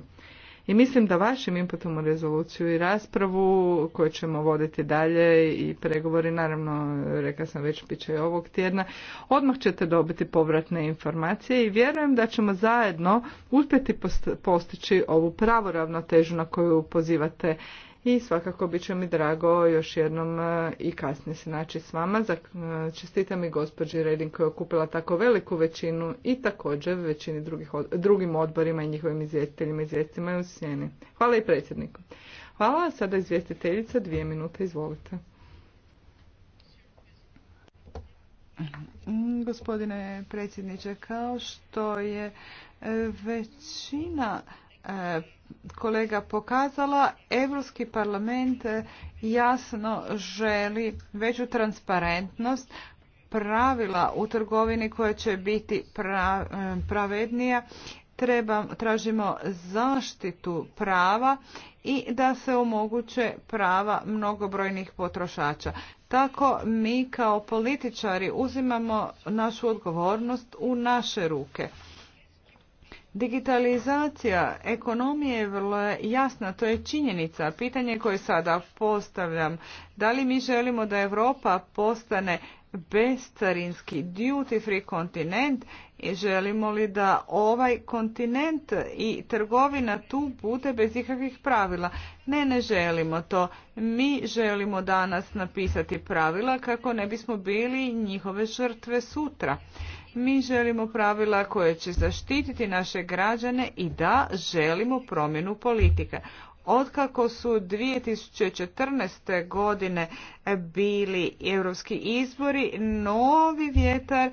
I mislim da vašim inputom u rezoluciju i raspravu koju ćemo voditi dalje i pregovori, naravno, reka sam već, bit će ovog tjedna, odmah ćete dobiti povratne informacije i vjerujem da ćemo zajedno uspjeti postići ovu pravu ravnotežu na koju pozivate i svakako bit će mi drago još jednom e, i kasnije se naći s vama. E, čestitam i gospođi redin koja je okupila tako veliku većinu i također većini drugim odborima i njihovim izvjetiteljima i izvjestiteljima u sjeni. Hvala i predsjedniku. Hvala, sada izvjestiteljica, dvije minute, izvolite. Gospodine predsjedniče, kao što je e, većina kolega pokazala, Europski parlament eh, jasno želi veću transparentnost, pravila u trgovini koja će biti eh, pravednija. Treba, tražimo zaštitu prava i da se omoguće prava mnogobrojnih potrošača. Tako mi kao političari uzimamo našu odgovornost u naše ruke. Digitalizacija ekonomije je vrlo jasna, to je činjenica. Pitanje koje sada postavljam, da li mi želimo da Europa postane bescarinski duty free kontinent i želimo li da ovaj kontinent i trgovina tu bude bez ikakvih pravila. Ne, ne želimo to. Mi želimo danas napisati pravila kako ne bismo bili njihove žrtve sutra. Mi želimo pravila koje će zaštititi naše građane i da želimo promjenu politika. Otkako su 2014. godine bili europski izbori, novi vjetar e,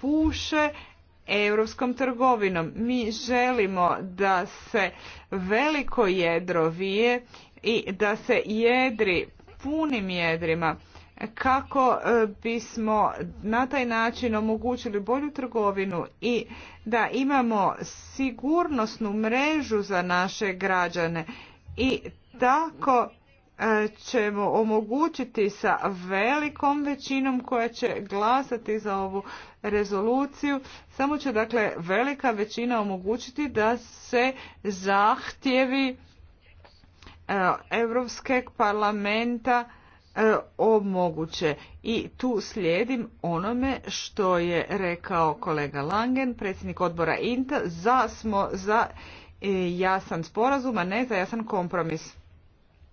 puše europskom trgovinom. Mi želimo da se veliko jedro vije i da se jedri punim jedrima kako e, bismo na taj način omogućili bolju trgovinu i da imamo sigurnosnu mrežu za naše građane i tako e, ćemo omogućiti sa velikom većinom koja će glasati za ovu rezoluciju. Samo će dakle velika većina omogućiti da se zahtjevi e, Europskog parlamenta E, omoguće. I tu slijedim onome što je rekao kolega Langen, predsjednik odbora INTA, za smo za e, jasan sporazum, a ne za jasan kompromis.